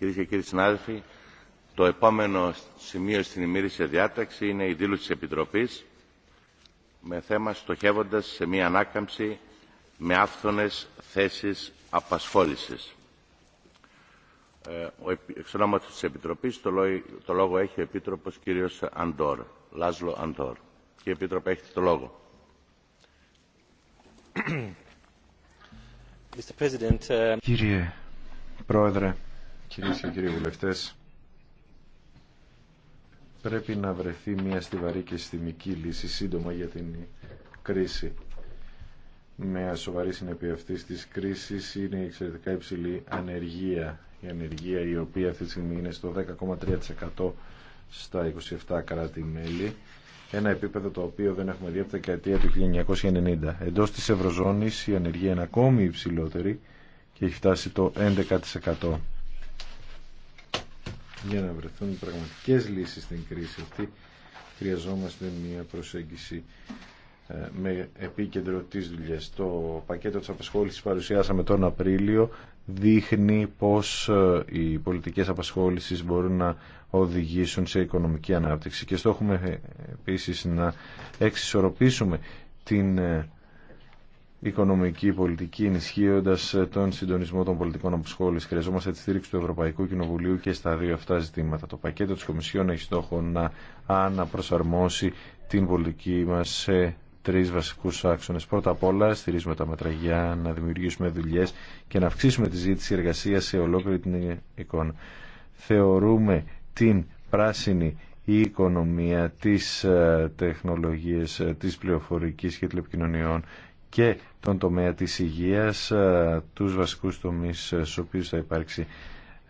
Κυρίε και κύριοι συνάδελφοι, το επόμενο σημείο στην ημερήσια διάταξη είναι η δήλωση τη Επιτροπή με θέμα στοχεύοντας σε μια ανάκαμψη με άφθονες θέσεις απασχόλησης. Ε, ο εξ της Επιτροπής το λόγο έχει ο Επίτροπος κύριος Αντόρ, Λάζλο Αντόρ. Κύριε Επίτροπε, έχετε το λόγο. Ε, Κύριε Πρόεδρε, Κυρίε και κύριοι βουλευτέ, πρέπει να βρεθεί μια στιβαρή και συστημική λύση σύντομα για την κρίση. Με σοβαρή συνέπεια αυτή τη κρίση είναι η εξαιρετικά υψηλή ανεργία. Η ανεργία η οποία αυτή τη στιγμή είναι στο 10,3% στα 27 κράτη-μέλη. Ένα επίπεδο το οποίο δεν έχουμε δει από τη δεκαετία του 1990. Εντό τη Ευρωζώνη η ανεργία είναι ακόμη υψηλότερη και έχει φτάσει το 11%. Για να βρεθούν πραγματικές λύσεις στην κρίση αυτή χρειαζόμαστε μια προσέγγιση ε, με επίκεντρο της δουλειάς. Το πακέτο της απασχόλησης παρουσιάσαμε τον Απρίλιο δείχνει πως ε, οι πολιτικές απασχόλησης μπορούν να οδηγήσουν σε οικονομική ανάπτυξη και στόχουμε ε, επίσης να εξισορροπήσουμε την οικονομική πολιτική, ενισχύοντα τον συντονισμό των πολιτικών αποσχόλη. Χρειαζόμαστε τη στήριξη του Ευρωπαϊκού Κοινοβουλίου και στα δύο αυτά ζητήματα. Το πακέτο τη Κομισιόν έχει στόχο να αναπροσαρμόσει την πολιτική μα σε τρει βασικού άξονε. Πρώτα απ' όλα, στηρίζουμε τα μετραγιά, να δημιουργήσουμε δουλειέ και να αυξήσουμε τη ζήτηση εργασία σε ολόκληρη την εικόνα. Θεωρούμε την πράσινη η οικονομία, τις ε, τεχνολογίες, ε, της πληροφορικής και τηλεπικοινωνιών και τον τομέα της υγείας, ε, τους βασικούς τομείς ε, στους οποίους θα υπάρξει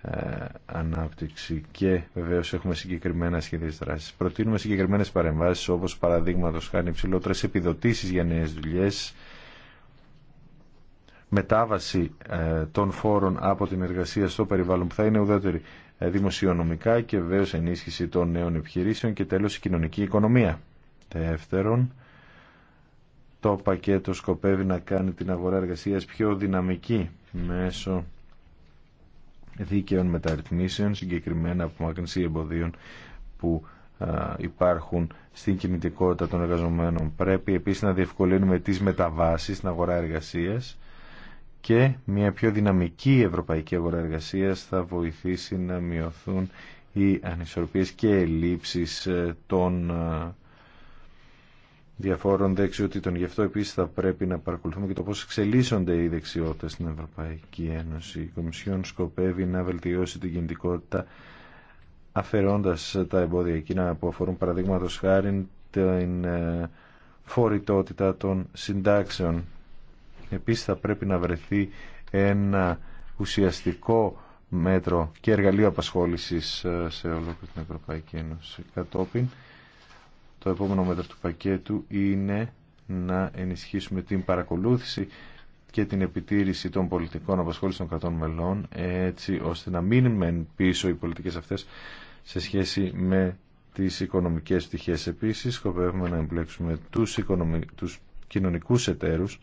ε, ανάπτυξη και βεβαίως έχουμε συγκεκριμένα σχέδια δράσης. Προτείνουμε συγκεκριμένες παρεμβάσεις όπως παραδείγματος χάνει υψηλότερε επιδοτήσεις για νέες δουλειές, μετάβαση των φόρων από την εργασία στο περιβάλλον που θα είναι ουδέτερη δημοσιονομικά και βεβαίως ενίσχυση των νέων επιχειρήσεων και τέλος η κοινωνική οικονομία. Δεύτερον, το πακέτο σκοπεύει να κάνει την αγορά εργασίας πιο δυναμική μέσω δίκαιων μεταρρυθμίσεων, συγκεκριμένα από απομάκρυνση εμποδίων που υπάρχουν στην κινητικότητα των εργαζομένων. Πρέπει επίσης να διευκολύνουμε τις μεταβάσεις στην αγορά εργασίας και μια πιο δυναμική ευρωπαϊκή αγορά εργασίας θα βοηθήσει να μειωθούν οι ανισορροπίες και ελλείψεις ε, των διαφόρων δεξιοτήτων. Γι' αυτό επίσης θα πρέπει να παρακολουθούμε και το πώς εξελίσσονται οι δεξιότητες στην Ευρωπαϊκή Ένωση. Η Κομισιόν σκοπεύει να βελτιώσει την κινητικότητα αφαιρώντας τα εμπόδια εκείνα που αφορούν παραδείγματο χάρη την ε, φορητότητα των συντάξεων. Επίσης θα πρέπει να βρεθεί ένα ουσιαστικό μέτρο και εργαλείο απασχόλησης ε, σε όλο την Ευρωπαϊκή Ένωση. Το επόμενο μέτρο του πακέτου είναι να ενισχύσουμε την παρακολούθηση και την επιτήρηση των πολιτικών απασχόλησης των κρατών μελών έτσι ώστε να μην μεν πίσω οι πολιτικές αυτές σε σχέση με τις οικονομικές πτυχές. Επίσης, σκοπεύουμε να εμπλέξουμε τους, οικονομι... τους κοινωνικούς εταίρους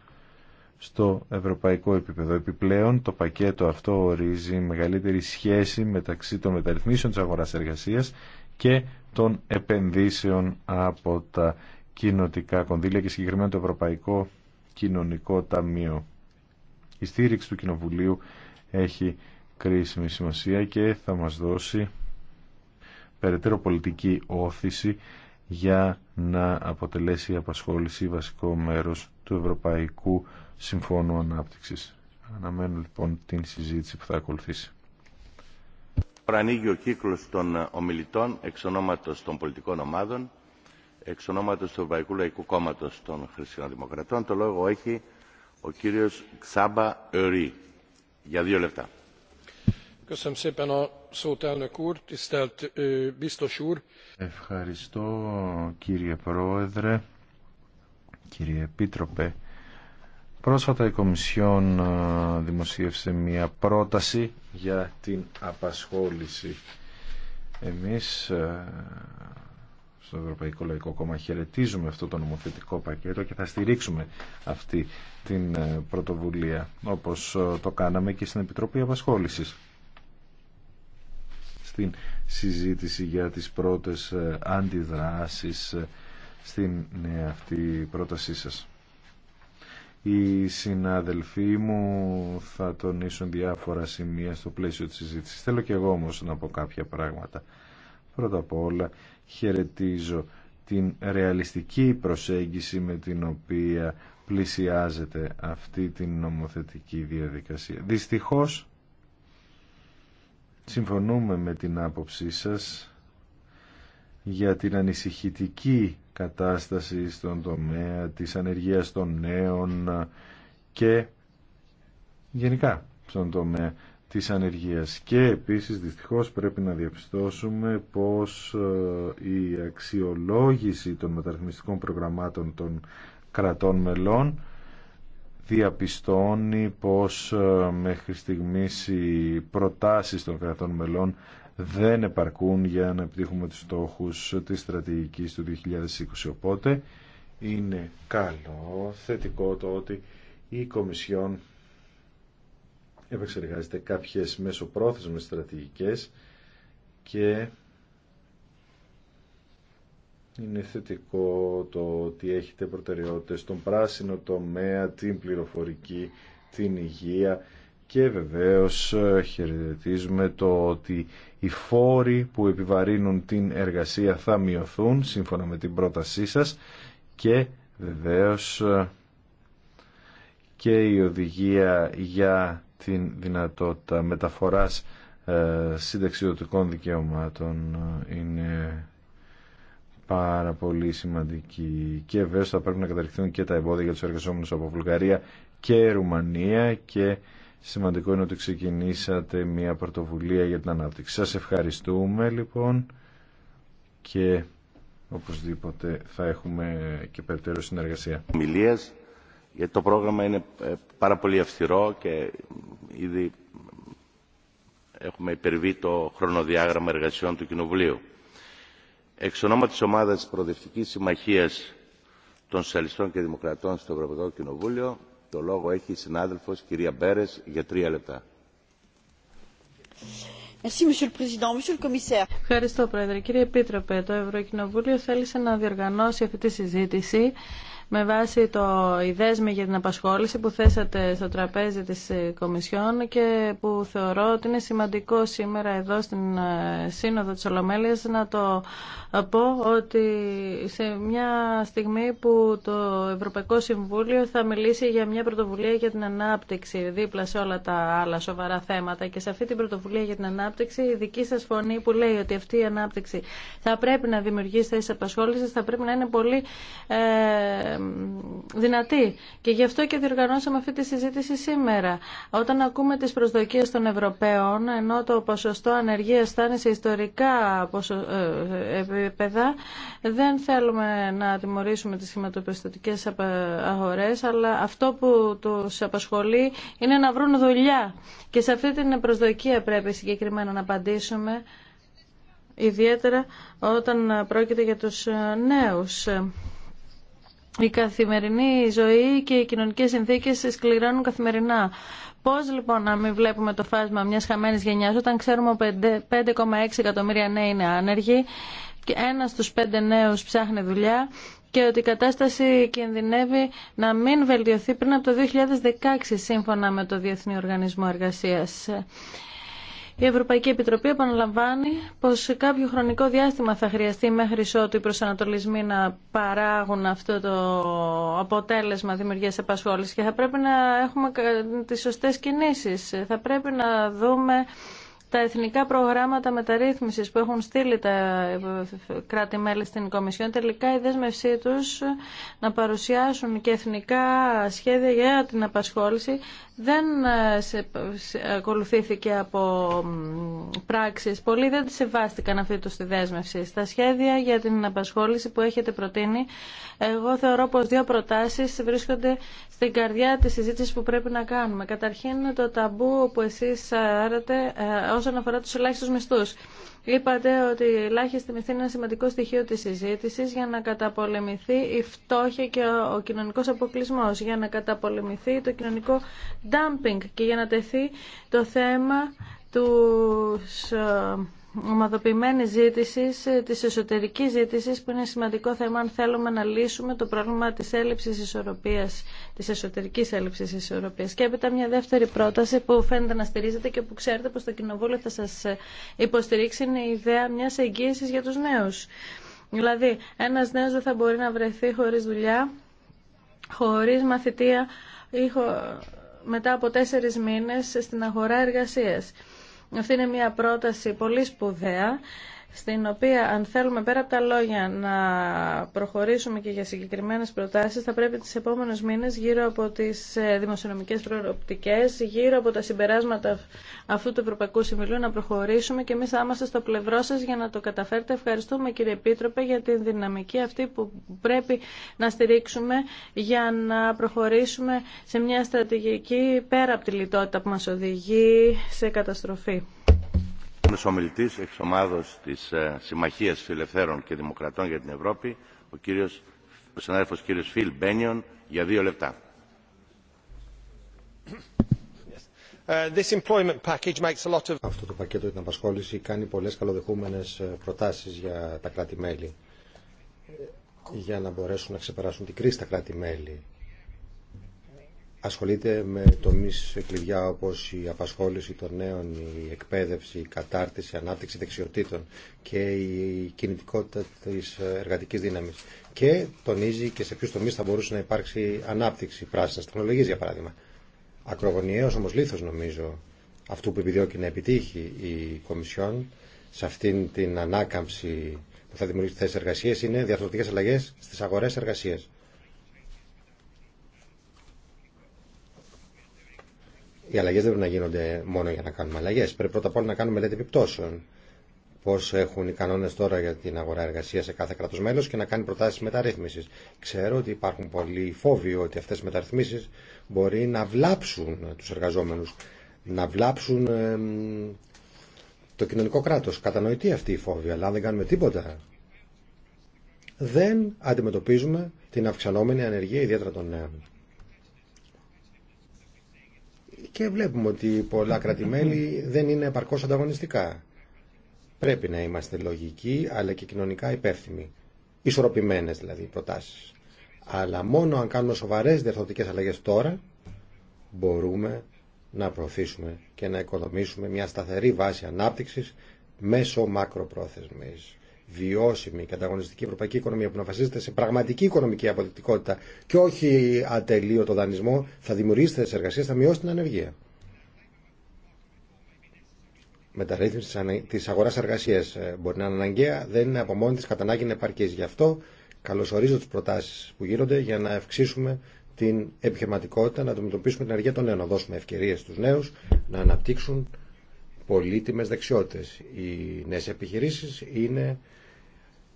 στο ευρωπαϊκό επίπεδο. Επιπλέον, το πακέτο αυτό ορίζει μεγαλύτερη σχέση μεταξύ των μεταρρυθμίσεων της αγοράς εργασίας και των επενδύσεων από τα κοινοτικά κονδύλια και συγκεκριμένα το Ευρωπαϊκό Κοινωνικό Ταμείο. Η στήριξη του Κοινοβουλίου έχει κρίσιμη σημασία και θα μας δώσει περαιτέρω πολιτική όθηση για να αποτελέσει η απασχόληση βασικό μέρος του Ευρωπαϊκού Συμφώνου Ανάπτυξης. Αναμένω λοιπόν την συζήτηση που θα ακολουθήσει. Τώρα ανοίγει ο κύκλος των ομιλητών εξ ονόματος των πολιτικών ομάδων, εξ ονόματος του Ευρωπαϊκού Λαϊκού Κόμματος των Χριστιανοδημοκρατών. Το λόγο έχει ο κύριος Ξάμπα Ρή. Για δύο λεπτά. Ευχαριστώ κύριε Πρόεδρε, κύριε Επίτροπε. Πρόσφατα η Κομισιόν ε, δημοσίευσε μια πρόταση για την απασχόληση. Εμείς ε, στο Ευρωπαϊκό Λαϊκό Κόμμα χαιρετίζουμε αυτό το νομοθετικό πακέτο και θα στηρίξουμε αυτή την ε, πρωτοβουλία όπως το κάναμε και στην Επιτροπή Απασχόλησης στην συζήτηση για τις πρώτες αντιδράσεις στην αυτή πρότασή σας οι συνάδελφοί μου θα τονίσουν διάφορα σημεία στο πλαίσιο της συζήτησης. Θέλω και εγώ όμως να πω κάποια πράγματα. Πρώτα απ' όλα χαιρετίζω την ρεαλιστική προσέγγιση με την οποία πλησιάζεται αυτή την νομοθετική διαδικασία. Δυστυχώς συμφωνούμε με την άποψή σας για την ανησυχητική κατάσταση στον τομέα της ανεργίας των νέων και γενικά στον τομέα της ανεργίας. Και επίσης δυστυχώς πρέπει να διαπιστώσουμε πως ε, η αξιολόγηση των μεταρρυθμιστικών προγραμμάτων των κρατών μελών διαπιστώνει πως ε, μέχρι στιγμής οι προτάσεις των κρατών μελών δεν επαρκούν για να επιτύχουμε τους στόχους της στρατηγικής του 2020. Οπότε είναι καλό, θετικό το ότι η Κομισιόν επεξεργάζεται κάποιες μεσοπρόθεσμες στρατηγικές και είναι θετικό το ότι έχετε προτεραιότητες στον πράσινο τομέα, την πληροφορική, την υγεία και βεβαίως ε, χαιρετίζουμε το ότι οι φόροι που επιβαρύνουν την εργασία θα μειωθούν σύμφωνα με την πρότασή σας και βεβαίως ε, και η οδηγία για την δυνατότητα μεταφοράς ε, συνταξιδοτικών δικαιωμάτων είναι πάρα πολύ σημαντική και βέβαια θα πρέπει να καταρριχθούν και τα εμπόδια για τους εργαζόμενους από Βουλγαρία και Ρουμανία και σημαντικό είναι ότι ξεκινήσατε μια πρωτοβουλία για την ανάπτυξη. Σας ευχαριστούμε λοιπόν και οπωσδήποτε θα έχουμε και περαιτέρω συνεργασία. Μιλίες, γιατί το πρόγραμμα είναι ε, πάρα πολύ αυστηρό και ήδη έχουμε υπερβεί το χρονοδιάγραμμα εργασιών του Κοινοβουλίου. Εξ ονόματι της ομάδας της Προοδευτικής Συμμαχίας των Σοσιαλιστών και Δημοκρατών στο Ευρωπαϊκό Κοινοβούλιο, το λόγο έχει η συνάδελφος κυρία Μπέρες για τρία λεπτά. Ευχαριστώ, Πρόεδρε. Κύριε Επίτροπε, το Ευρωκοινοβούλιο θέλησε να διοργανώσει αυτή τη συζήτηση με βάση το ιδέσμη για την απασχόληση που θέσατε στο τραπέζι της ε, Κομισιόν και που θεωρώ ότι είναι σημαντικό σήμερα εδώ στην ε, Σύνοδο της Ολομέλειας να το ε, πω ότι σε μια στιγμή που το Ευρωπαϊκό Συμβούλιο θα μιλήσει για μια πρωτοβουλία για την ανάπτυξη δίπλα σε όλα τα άλλα σοβαρά θέματα και σε αυτή την πρωτοβουλία για την ανάπτυξη η δική σας φωνή που λέει ότι αυτή η ανάπτυξη θα πρέπει να δημιουργήσει θέσεις απασχόλησης θα πρέπει να είναι πολύ δυνατή. Και γι' αυτό και διοργανώσαμε αυτή τη συζήτηση σήμερα. Όταν ακούμε τις προσδοκίες των Ευρωπαίων, ενώ το ποσοστό ανεργίας φτάνει σε ιστορικά ε, επίπεδα, δεν θέλουμε να τιμωρήσουμε τις χρηματοπιστωτικές αγορές, αλλά αυτό που του απασχολεί είναι να βρουν δουλειά. Και σε αυτή την προσδοκία πρέπει συγκεκριμένα να απαντήσουμε ιδιαίτερα όταν πρόκειται για τους νέους η καθημερινή ζωή και οι κοινωνικές συνθήκες σκληρώνουν καθημερινά. Πώς λοιπόν να μην βλέπουμε το φάσμα μιας χαμένης γενιάς όταν ξέρουμε ότι 5,6 εκατομμύρια νέοι είναι άνεργοι και ένας στους πέντε νέους ψάχνει δουλειά και ότι η κατάσταση κινδυνεύει να μην βελτιωθεί πριν από το 2016 σύμφωνα με το Διεθνή Οργανισμό Εργασίας. Η Ευρωπαϊκή Επιτροπή επαναλαμβάνει πως κάποιο χρονικό διάστημα θα χρειαστεί μέχρι ότου οι προσανατολισμοί να παράγουν αυτό το αποτέλεσμα δημιουργία απασχόληση και θα πρέπει να έχουμε τις σωστές κινήσεις. Θα πρέπει να δούμε τα εθνικά προγράμματα μεταρρύθμισης που έχουν στείλει τα κράτη-μέλη στην Κομισιόν, τελικά η δέσμευσή του να παρουσιάσουν και εθνικά σχέδια για την απασχόληση δεν ε, ακολουθήθηκε από πράξεις. Πολλοί δεν σεβάστηκαν αυτή τους τη δέσμευση. Στα σχέδια για την απασχόληση που έχετε προτείνει, εγώ θεωρώ πως δύο προτάσεις βρίσκονται στην καρδιά της συζήτηση που πρέπει να κάνουμε. Καταρχήν το ταμπού που εσείς άρατε ε, όσον αφορά τους ελάχιστους μισθούς. Είπατε ότι η ελάχιστη μυθή είναι ένα σημαντικό στοιχείο της συζήτηση για να καταπολεμηθεί η φτώχεια και ο κοινωνικός αποκλεισμός, για να καταπολεμηθεί το κοινωνικό dumping και για να τεθεί το θέμα του ε, ομαδοποιημένη ζήτηση, ε, τη εσωτερική ζήτηση, που είναι σημαντικό θέμα αν θέλουμε να λύσουμε το πρόβλημα τη έλλειψη ισορροπία, τη εσωτερική έλλειψη ισορροπία. Και έπειτα μια δεύτερη πρόταση που φαίνεται να στηρίζεται και που ξέρετε πω το Κοινοβούλιο θα σα ε, υποστηρίξει είναι η ιδέα μια εγγύηση για του νέου. Δηλαδή, ένα νέο δεν θα μπορεί να βρεθεί χωρί δουλειά, χωρί μαθητεία ή μετά από τέσσερι μήνε στην αγορά εργασία. Αυτή είναι μια πρόταση πολύ σπουδαία στην οποία αν θέλουμε πέρα από τα λόγια να προχωρήσουμε και για συγκεκριμένες προτάσεις θα πρέπει τις επόμενες μήνες γύρω από τις ε, δημοσιονομικές προοπτικές, γύρω από τα συμπεράσματα αυτού του Ευρωπαϊκού Συμβουλίου να προχωρήσουμε και εμείς θα είμαστε στο πλευρό σας για να το καταφέρετε. Ευχαριστούμε κύριε Επίτροπε για την δυναμική αυτή που πρέπει να στηρίξουμε για να προχωρήσουμε σε μια στρατηγική πέρα από τη λιτότητα που μας οδηγεί σε καταστροφή. Επόμενος ομιλητής εξ ομάδος της ε, Συμμαχίας Φιλελευθέρων και Δημοκρατών για την Ευρώπη, ο, κύριος, ο συνάδελφος κύριος Φιλ Μπένιον, για δύο λεπτά. Uh, Αυτό το πακέτο για την απασχόληση κάνει πολλές καλοδεχούμενες ε, προτάσεις για τα κράτη-μέλη ε, για να μπορέσουν να ξεπεράσουν την κρίση τα κράτη-μέλη ασχολείται με τομείς κλειδιά όπως η απασχόληση των νέων, η εκπαίδευση, η κατάρτιση, η ανάπτυξη δεξιοτήτων και η κινητικότητα της εργατικής δύναμης. Και τονίζει και σε ποιους τομείς θα μπορούσε να υπάρξει ανάπτυξη πράσινη τεχνολογίας, για παράδειγμα. Ακρογωνιαίος όμως λήθος νομίζω αυτού που επιδιώκει να επιτύχει η Κομισιόν σε αυτήν την ανάκαμψη που θα δημιουργήσει θέσει εργασία είναι διαφορετικές αλλαγέ στι αγορέ εργασία. Οι αλλαγέ δεν πρέπει να γίνονται μόνο για να κάνουμε αλλαγέ. Πρέπει πρώτα απ' όλα να κάνουμε μελέτη επιπτώσεων. Πώ έχουν οι κανόνε τώρα για την αγορά εργασία σε κάθε κράτο μέλο και να κάνει προτάσει μεταρρύθμιση. Ξέρω ότι υπάρχουν πολλοί φόβοι ότι αυτέ οι μεταρρυθμίσει μπορεί να βλάψουν του εργαζόμενου, να βλάψουν το κοινωνικό κράτο. Κατανοητή αυτή η φόβη, αλλά αν δεν κάνουμε τίποτα, δεν αντιμετωπίζουμε την αυξανόμενη ανεργία, ιδιαίτερα των νέων και βλέπουμε ότι πολλά κρατημέλη δεν είναι επαρκώς ανταγωνιστικά. Πρέπει να είμαστε λογικοί αλλά και κοινωνικά υπεύθυνοι. Ισορροπημένες δηλαδή οι προτάσεις. Αλλά μόνο αν κάνουμε σοβαρές διορθωτικές αλλαγές τώρα μπορούμε να προωθήσουμε και να οικοδομήσουμε μια σταθερή βάση ανάπτυξης μέσω μακροπρόθεσμης βιώσιμη και ανταγωνιστική ευρωπαϊκή οικονομία που να βασίζεται σε πραγματική οικονομική αποδεκτικότητα και όχι ατελείωτο το δανεισμό, θα δημιουργήσει θέσει εργασία, θα μειώσει την ανεργία. Μεταρρύθμιση τη αγορά εργασία ε, μπορεί να είναι αναγκαία, δεν είναι από μόνη τη κατά ανάγκη να επαρκή. Γι' αυτό καλωσορίζω τι προτάσει που γίνονται για να αυξήσουμε την επιχειρηματικότητα, να αντιμετωπίσουμε την ενεργεια των νέων, να δώσουμε ευκαιρίε στου νέου να αναπτύξουν πολύτιμε δεξιότητε. Οι νέε επιχειρήσει είναι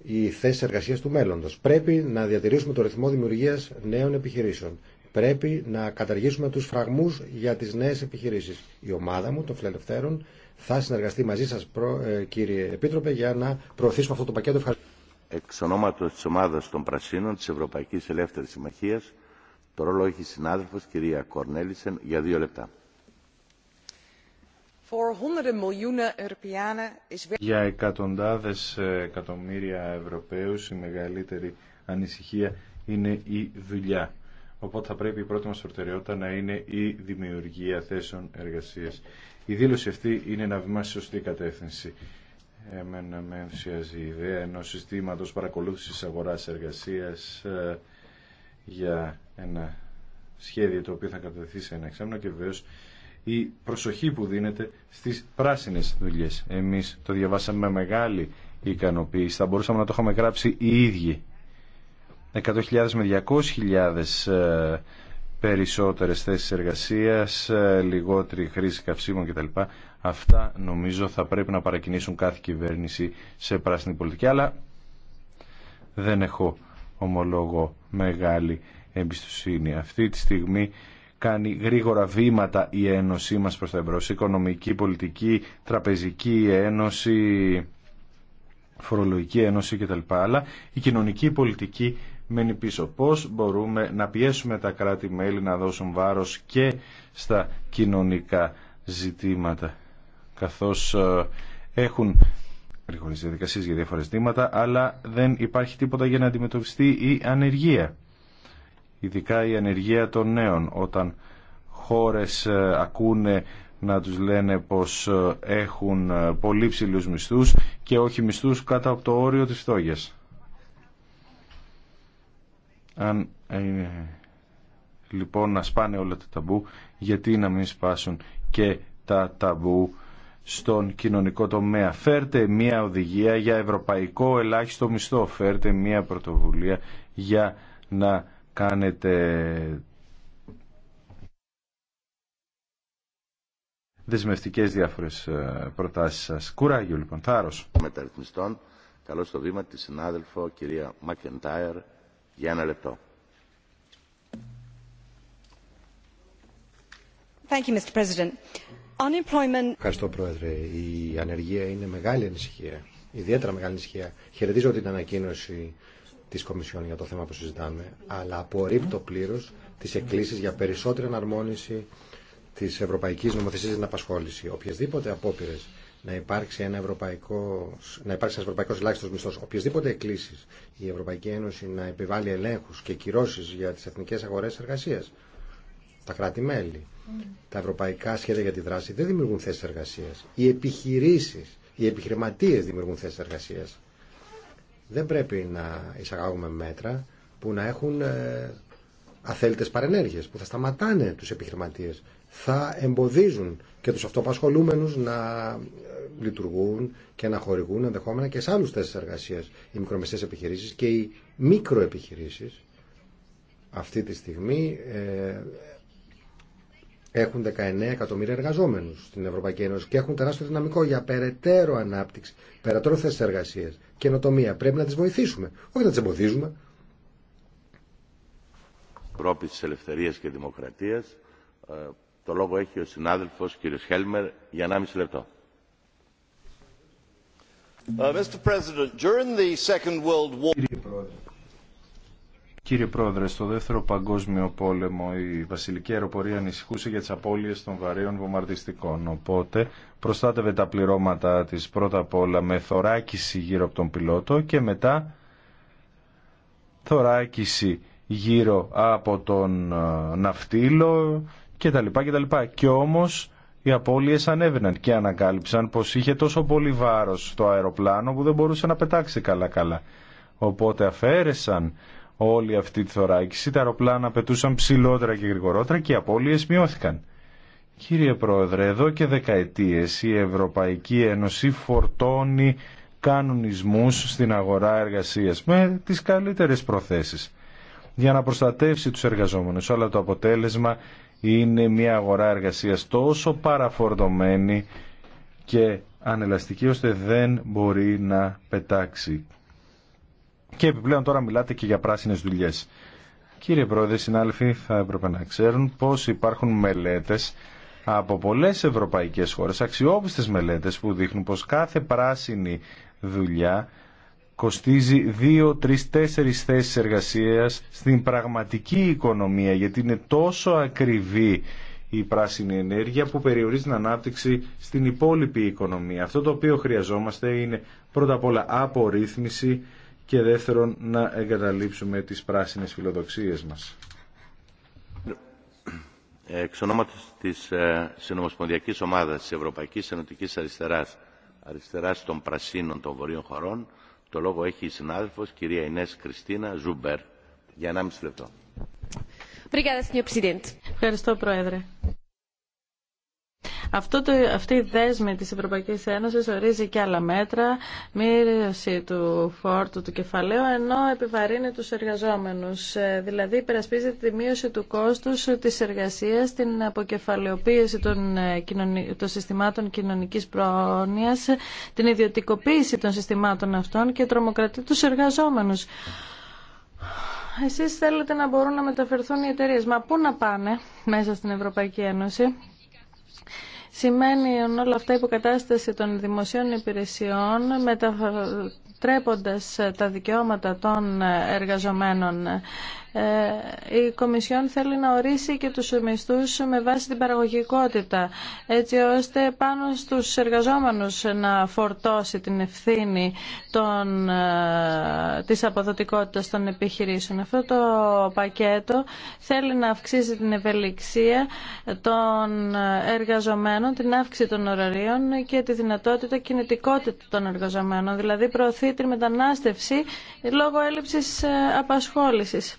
οι θέσει εργασία του μέλλοντο. Πρέπει να διατηρήσουμε το ρυθμό δημιουργία νέων επιχειρήσεων. Πρέπει να καταργήσουμε του φραγμού για τι νέε επιχειρήσει. Η ομάδα μου των φιλελευθέρων θα συνεργαστεί μαζί σα, ε, κύριε Επίτροπε, για να προωθήσουμε αυτό το πακέτο. Ευχαριστώ. Εξ ονόματο τη ομάδα των Πρασίνων τη Ευρωπαϊκή Ελεύθερη Συμμαχία, το ρόλο έχει συνάδελφο κυρία Κορνέλισεν για δύο λεπτά. Για εκατοντάδες ε, εκατομμύρια Ευρωπαίους η μεγαλύτερη ανησυχία είναι η δουλειά. Οπότε θα πρέπει η πρώτη μας προτεραιότητα να είναι η δημιουργία θέσεων εργασίας. Η δήλωση αυτή είναι ένα βήμα στη σωστή κατεύθυνση. Εμένα με ενθουσιάζει η ιδέα ενός συστήματος παρακολούθησης αγοράς εργασίας ε, για ένα σχέδιο το οποίο θα κατατεθεί σε ένα εξάμεινο και βεβαίως η προσοχή που δίνεται στις πράσινες δουλειές. Εμείς το διαβάσαμε με μεγάλη ικανοποίηση. Θα μπορούσαμε να το είχαμε γράψει οι ίδιοι. 100.000 με 200.000 ε, περισσότερες θέσεις εργασίας, ε, λιγότερη χρήση καυσίμων κτλ. Αυτά νομίζω θα πρέπει να παρακινήσουν κάθε κυβέρνηση σε πράσινη πολιτική. Αλλά δεν έχω ομολόγο, μεγάλη εμπιστοσύνη. Αυτή τη στιγμή κάνει γρήγορα βήματα η Ένωσή μας προς τα εμπρός. Οικονομική, πολιτική, τραπεζική ένωση, φορολογική ένωση κτλ. Αλλά η κοινωνική πολιτική μένει πίσω. Πώς μπορούμε να πιέσουμε τα κράτη-μέλη να δώσουν βάρος και στα κοινωνικά ζητήματα. Καθώς ε, έχουν γρήγορες διαδικασίες για διάφορα ζητήματα, αλλά δεν υπάρχει τίποτα για να αντιμετωπιστεί η ανεργία ειδικά η ανεργία των νέων όταν χώρες ε, ακούνε να τους λένε πως ε, έχουν ε, πολύ ψηλούς μισθούς και όχι μισθούς κάτω από το όριο της φτώγειας. Αν λοιπόν να σπάνε όλα τα ταμπού, γιατί να μην σπάσουν και τα ταμπού στον κοινωνικό τομέα. Φέρτε μία οδηγία για ευρωπαϊκό ελάχιστο μισθό, φέρτε μία πρωτοβουλία για να κάνετε δεσμευτικές διάφορες ε, προτάσεις σας. Κουράγιο λοιπόν, θάρρος. Μεταρρυθμιστών, καλώ το βήμα τη συνάδελφο κυρία Μακεντάιρ για ένα λεπτό. Thank you, Mr. President. Unemployment... Ευχαριστώ, Πρόεδρε. Η ανεργία είναι μεγάλη ανησυχία. Ιδιαίτερα μεγάλη ανησυχία. Χαιρετίζω την ανακοίνωση Τη Κομισιόν για το θέμα που συζητάμε, αλλά απορρίπτω πλήρω τι εκκλήσει για περισσότερη εναρμόνιση τη Ευρωπαϊκή Νομοθεσία στην απασχόληση. Οποιασδήποτε απόπειρε να υπάρξει ένα ευρωπαϊκό, να υπάρξει ένας ευρωπαϊκός ελάχιστος μισθός, οποιασδήποτε εκκλήσει η Ευρωπαϊκή Ένωση να επιβάλλει ελέγχους και κυρώσεις για τις εθνικές αγορές εργασίας, τα κράτη-μέλη, τα ευρωπαϊκά σχέδια για τη δράση δεν δημιουργούν θέσεις εργασία. Οι επιχειρήσει, οι επιχειρηματίε δημιουργούν θέσεις εργασία. Δεν πρέπει να εισαγάγουμε μέτρα που να έχουν ε, αθέλητες παρενέργειες, που θα σταματάνε τους επιχειρηματίες, θα εμποδίζουν και τους αυτοπασχολούμενους να ε, λειτουργούν και να χορηγούν ενδεχόμενα και σε άλλους θέσει εργασίες οι μικρομεσαίες επιχειρήσεις και οι μικροεπιχειρήσεις αυτή τη στιγμή ε, έχουν 19 εκατομμύρια εργαζόμενους στην Ευρωπαϊκή Ένωση και έχουν τεράστιο δυναμικό για περαιτέρω ανάπτυξη, περαιτέρω θέσεις εργασία καινοτομία. Πρέπει να τις βοηθήσουμε, όχι να τις εμποδίζουμε. Ευρώπη τη Ελευθερία και Δημοκρατίας. Ε, το λόγο έχει ο συνάδελφος κ. Χέλμερ για 1,5 λεπτό. Ε, Mr. President, during the Second World War... Κύριε Πρόεδρε, στο δεύτερο παγκόσμιο πόλεμο η βασιλική αεροπορία ανησυχούσε για τις απώλειες των βαρέων βομβαρδιστικών. Οπότε προστάτευε τα πληρώματα της πρώτα απ' όλα με θωράκιση γύρω από τον πιλότο και μετά θωράκιση γύρω από τον ε, ναυτίλο κτλ. κτλ. Και όμως οι απώλειες ανέβαιναν και ανακάλυψαν πως είχε τόσο πολύ βάρος το αεροπλάνο που δεν μπορούσε να πετάξει καλά-καλά. Οπότε αφαίρεσαν όλη αυτή τη θωράκιση. Τα αεροπλάνα πετούσαν ψηλότερα και γρηγορότερα και οι απώλειες μειώθηκαν. Κύριε Πρόεδρε, εδώ και δεκαετίες η Ευρωπαϊκή Ένωση φορτώνει κανονισμούς στην αγορά εργασίας με τις καλύτερες προθέσεις για να προστατεύσει τους εργαζόμενους. Αλλά το αποτέλεσμα είναι μια αγορά εργασίας τόσο παραφορτωμένη και ανελαστική ώστε δεν μπορεί να πετάξει και επιπλέον τώρα μιλάτε και για πράσινε δουλειέ. Κύριε Πρόεδρε, συνάδελφοι, θα έπρεπε να ξέρουν πώς υπάρχουν μελέτες από πολλές ευρωπαϊκές χώρες, αξιόπιστες μελέτες που δείχνουν πω υπαρχουν δουλειά κοστίζει απο θέσει εργασία στην πραγματική οικονομία, γιατί είναι τόσο ακριβή η πράσινη ενέργεια που δειχνουν πω καθε κοστίζει 2, 3, 4 θεσει εργασια στην πραγματική οικονομία γιατί είναι τόσο ακριβή η πράσινη ενέργεια που περιορίζει την ανάπτυξη στην υπόλοιπη οικονομία. Αυτό το οποίο χρειαζόμαστε είναι πρώτα απ' όλα απορρίθμιση και δεύτερον να εγκαταλείψουμε τις πράσινες φιλοδοξίες μας. Εξ ονόματος της ε, Συνομοσπονδιακής Ομάδας της Ευρωπαϊκής Ενωτική Αριστεράς, Αριστεράς των Πρασίνων των Βορείων Χωρών, το λόγο έχει η συνάδελφος κυρία Ινές Κριστίνα Ζούμπερ. Για 1,5 λεπτό. Ευχαριστώ, Πρόεδρε. Αυτό το, αυτή η δέσμη της Ευρωπαϊκής Ένωσης ορίζει και άλλα μέτρα, μείωση του φόρτου του κεφαλαίου, ενώ επιβαρύνει τους εργαζόμενους. Ε, δηλαδή υπερασπίζεται τη μείωση του κόστους της εργασίας, την αποκεφαλαιοποίηση των, ε, των συστημάτων κοινωνικής πρόνοιας, την ιδιωτικοποίηση των συστημάτων αυτών και τρομοκρατεί τους εργαζόμενους. Εσείς θέλετε να μπορούν να μεταφερθούν οι εταιρείε. Μα πού να πάνε μέσα στην Ευρωπαϊκή Ένωση. Σημαίνει όλα αυτά η υποκατάσταση των δημοσίων υπηρεσιών μετατρέποντας τα δικαιώματα των εργαζομένων ε, η Κομισιόν θέλει να ορίσει και τους μισθούς με βάση την παραγωγικότητα, έτσι ώστε πάνω στους εργαζόμενους να φορτώσει την ευθύνη των, ε, της αποδοτικότητας των επιχειρήσεων. Αυτό το πακέτο θέλει να αυξήσει την ευελιξία των εργαζομένων, την αύξηση των ωραρίων και τη δυνατότητα κινητικότητα των εργαζομένων, δηλαδή προωθεί την μετανάστευση λόγω έλλειψης ε, απασχόλησης.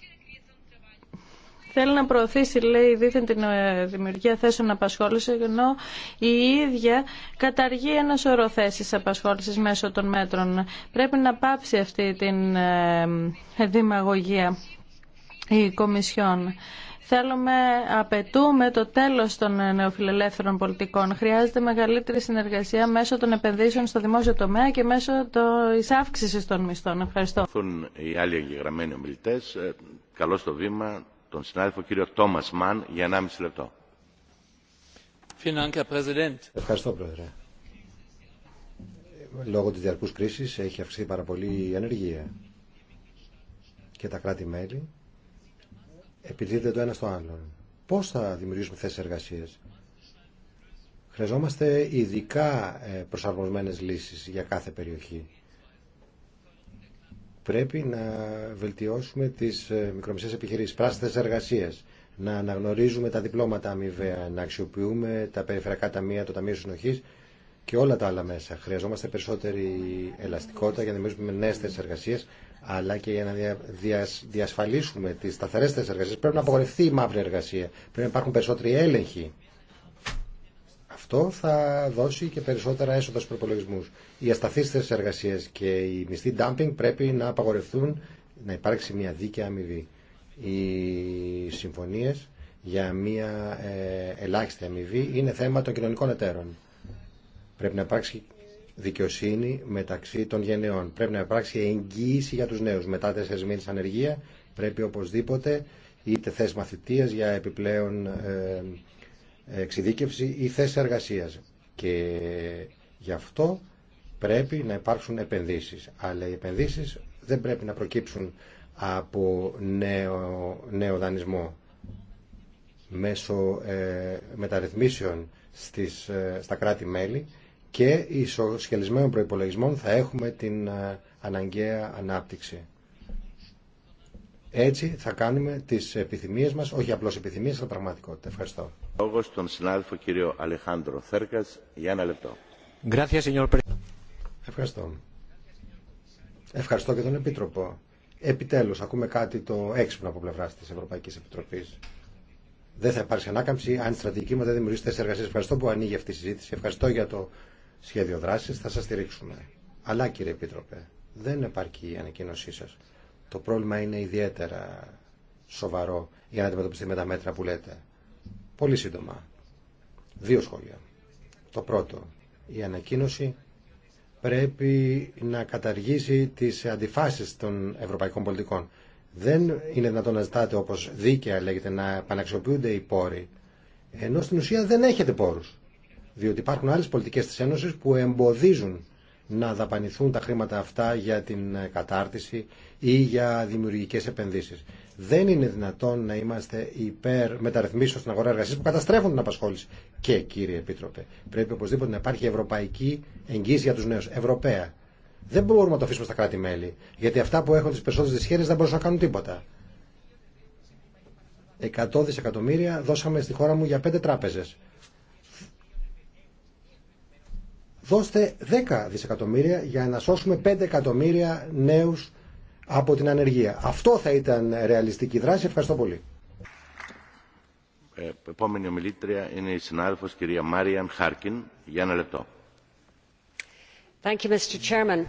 Θέλει να προωθήσει, λέει, δίθεν την ε, δημιουργία θέσεων απασχόλησης, ενώ η ίδια καταργεί ένα σωρό θέσει απασχόληση μέσω των μέτρων. Πρέπει να πάψει αυτή την ε, δημαγωγία η Κομισιόν. Θέλουμε, απαιτούμε το τέλος των νεοφιλελεύθερων πολιτικών. Χρειάζεται μεγαλύτερη συνεργασία μέσω των επενδύσεων στο δημόσιο τομέα και μέσω της αύξησης των μισθών. Ευχαριστώ. Οι άλλοι εγγεγραμμένοι ομιλητές, ε, το βήμα τον συνάδελφο κύριο Τόμας Μαν για 1,5 λεπτό. Ευχαριστώ, Πρόεδρε. Λόγω της διαρκούς κρίσης έχει αυξηθεί πάρα πολύ η ανεργία και τα κράτη-μέλη επιδίδεται το ένα στο άλλο. Πώς θα δημιουργήσουμε θέσεις εργασίας. Χρειαζόμαστε ειδικά ε, προσαρμοσμένες λύσεις για κάθε περιοχή. Πρέπει να βελτιώσουμε τις ε, μικρομεσαίες επιχειρήσεις, πράσινες εργασίες, να αναγνωρίζουμε τα διπλώματα αμοιβαία, να αξιοποιούμε τα περιφερειακά ταμεία, το Ταμείο Συνοχής και όλα τα άλλα μέσα. Χρειαζόμαστε περισσότερη ελαστικότητα για να δημιουργήσουμε νέες θέσεις εργασίες, αλλά και για να διασφαλίσουμε τις σταθερές θέσεις εργασίες. Πρέπει να απογορευτεί η μαύρη εργασία. Πρέπει να υπάρχουν περισσότεροι έλεγχοι αυτό θα δώσει και περισσότερα έσοδα στου προπολογισμού. Οι ασταθεί θέσει εργασία και οι μισθοί dumping πρέπει να απαγορευτούν να υπάρξει μια δίκαια αμοιβή. Οι συμφωνίε για μια ε, ελάχιστη αμοιβή είναι θέμα των κοινωνικών εταίρων. Πρέπει να υπάρξει δικαιοσύνη μεταξύ των γενεών. Πρέπει να υπάρξει εγγύηση για τους νέους. Μετά τέσσερις μήνες ανεργία πρέπει οπωσδήποτε είτε θέσει μαθητείας για επιπλέον ε, εξειδίκευση ή θέση εργασίας. Και γι' αυτό πρέπει να υπάρξουν επενδύσεις. Αλλά οι επενδύσεις δεν πρέπει να προκύψουν από νέο, νέο δανεισμό μέσω ε, μεταρρυθμίσεων στις, ε, στα κράτη-μέλη και ισοσχελισμένων προϋπολογισμών θα έχουμε την ε, αναγκαία ανάπτυξη. Έτσι θα κάνουμε τις επιθυμίες μας, όχι απλώς επιθυμίες, αλλά πραγματικότητα. Ευχαριστώ. Ευχαριστώ. Ευχαριστώ και τον Επίτροπο. Επιτέλους, ακούμε κάτι το έξυπνο από πλευρά της Ευρωπαϊκής Επιτροπής. Δεν θα υπάρξει ανάκαμψη αν η στρατηγική μας δεν δημιουργήσει τέσσερις εργασίες. Ευχαριστώ που ανοίγει αυτή η συζήτηση. Ευχαριστώ για το σχέδιο δράση. Θα σα στηρίξουμε. Αλλά κύριε Επίτροπε, δεν επαρκεί η ανακοίνωσή σα. Το πρόβλημα είναι ιδιαίτερα σοβαρό για να αντιμετωπιστεί με τα μέτρα που λέτε. Πολύ σύντομα. Δύο σχόλια. Το πρώτο, η ανακοίνωση πρέπει να καταργήσει τις αντιφάσεις των ευρωπαϊκών πολιτικών. Δεν είναι δυνατόν να ζητάτε, όπως δίκαια λέγεται, να επαναξιοποιούνται οι πόροι, ενώ στην ουσία δεν έχετε πόρους. Διότι υπάρχουν άλλες πολιτικές της Ένωσης που εμποδίζουν να δαπανηθούν τα χρήματα αυτά για την κατάρτιση ή για δημιουργικές επενδύσεις. Δεν είναι δυνατόν να είμαστε υπέρ μεταρρυθμίσεων στην αγορά εργασία που καταστρέφουν την απασχόληση. Και κύριε Επίτροπε, πρέπει οπωσδήποτε να υπάρχει ευρωπαϊκή εγγύηση για του νέου. Ευρωπαία. Δεν μπορούμε να το αφήσουμε στα κράτη-μέλη. Γιατί αυτά που έχουν τι περισσότερε δυσχέρειε δεν μπορούν να κάνουν τίποτα. Εκατό δισεκατομμύρια δώσαμε στη χώρα μου για πέντε τράπεζε. Δώστε 10 δισεκατομμύρια για να σώσουμε 5 εκατομμύρια νέου από την ανεργία. Αυτό θα ήταν ρεαλιστική δράση. Ευχαριστώ πολύ. Ε, επόμενη ομιλήτρια είναι η συνάδελφος κυρία Μάριαν Χάρκιν. Για ένα λεπτό. Thank you, Mr. Chairman.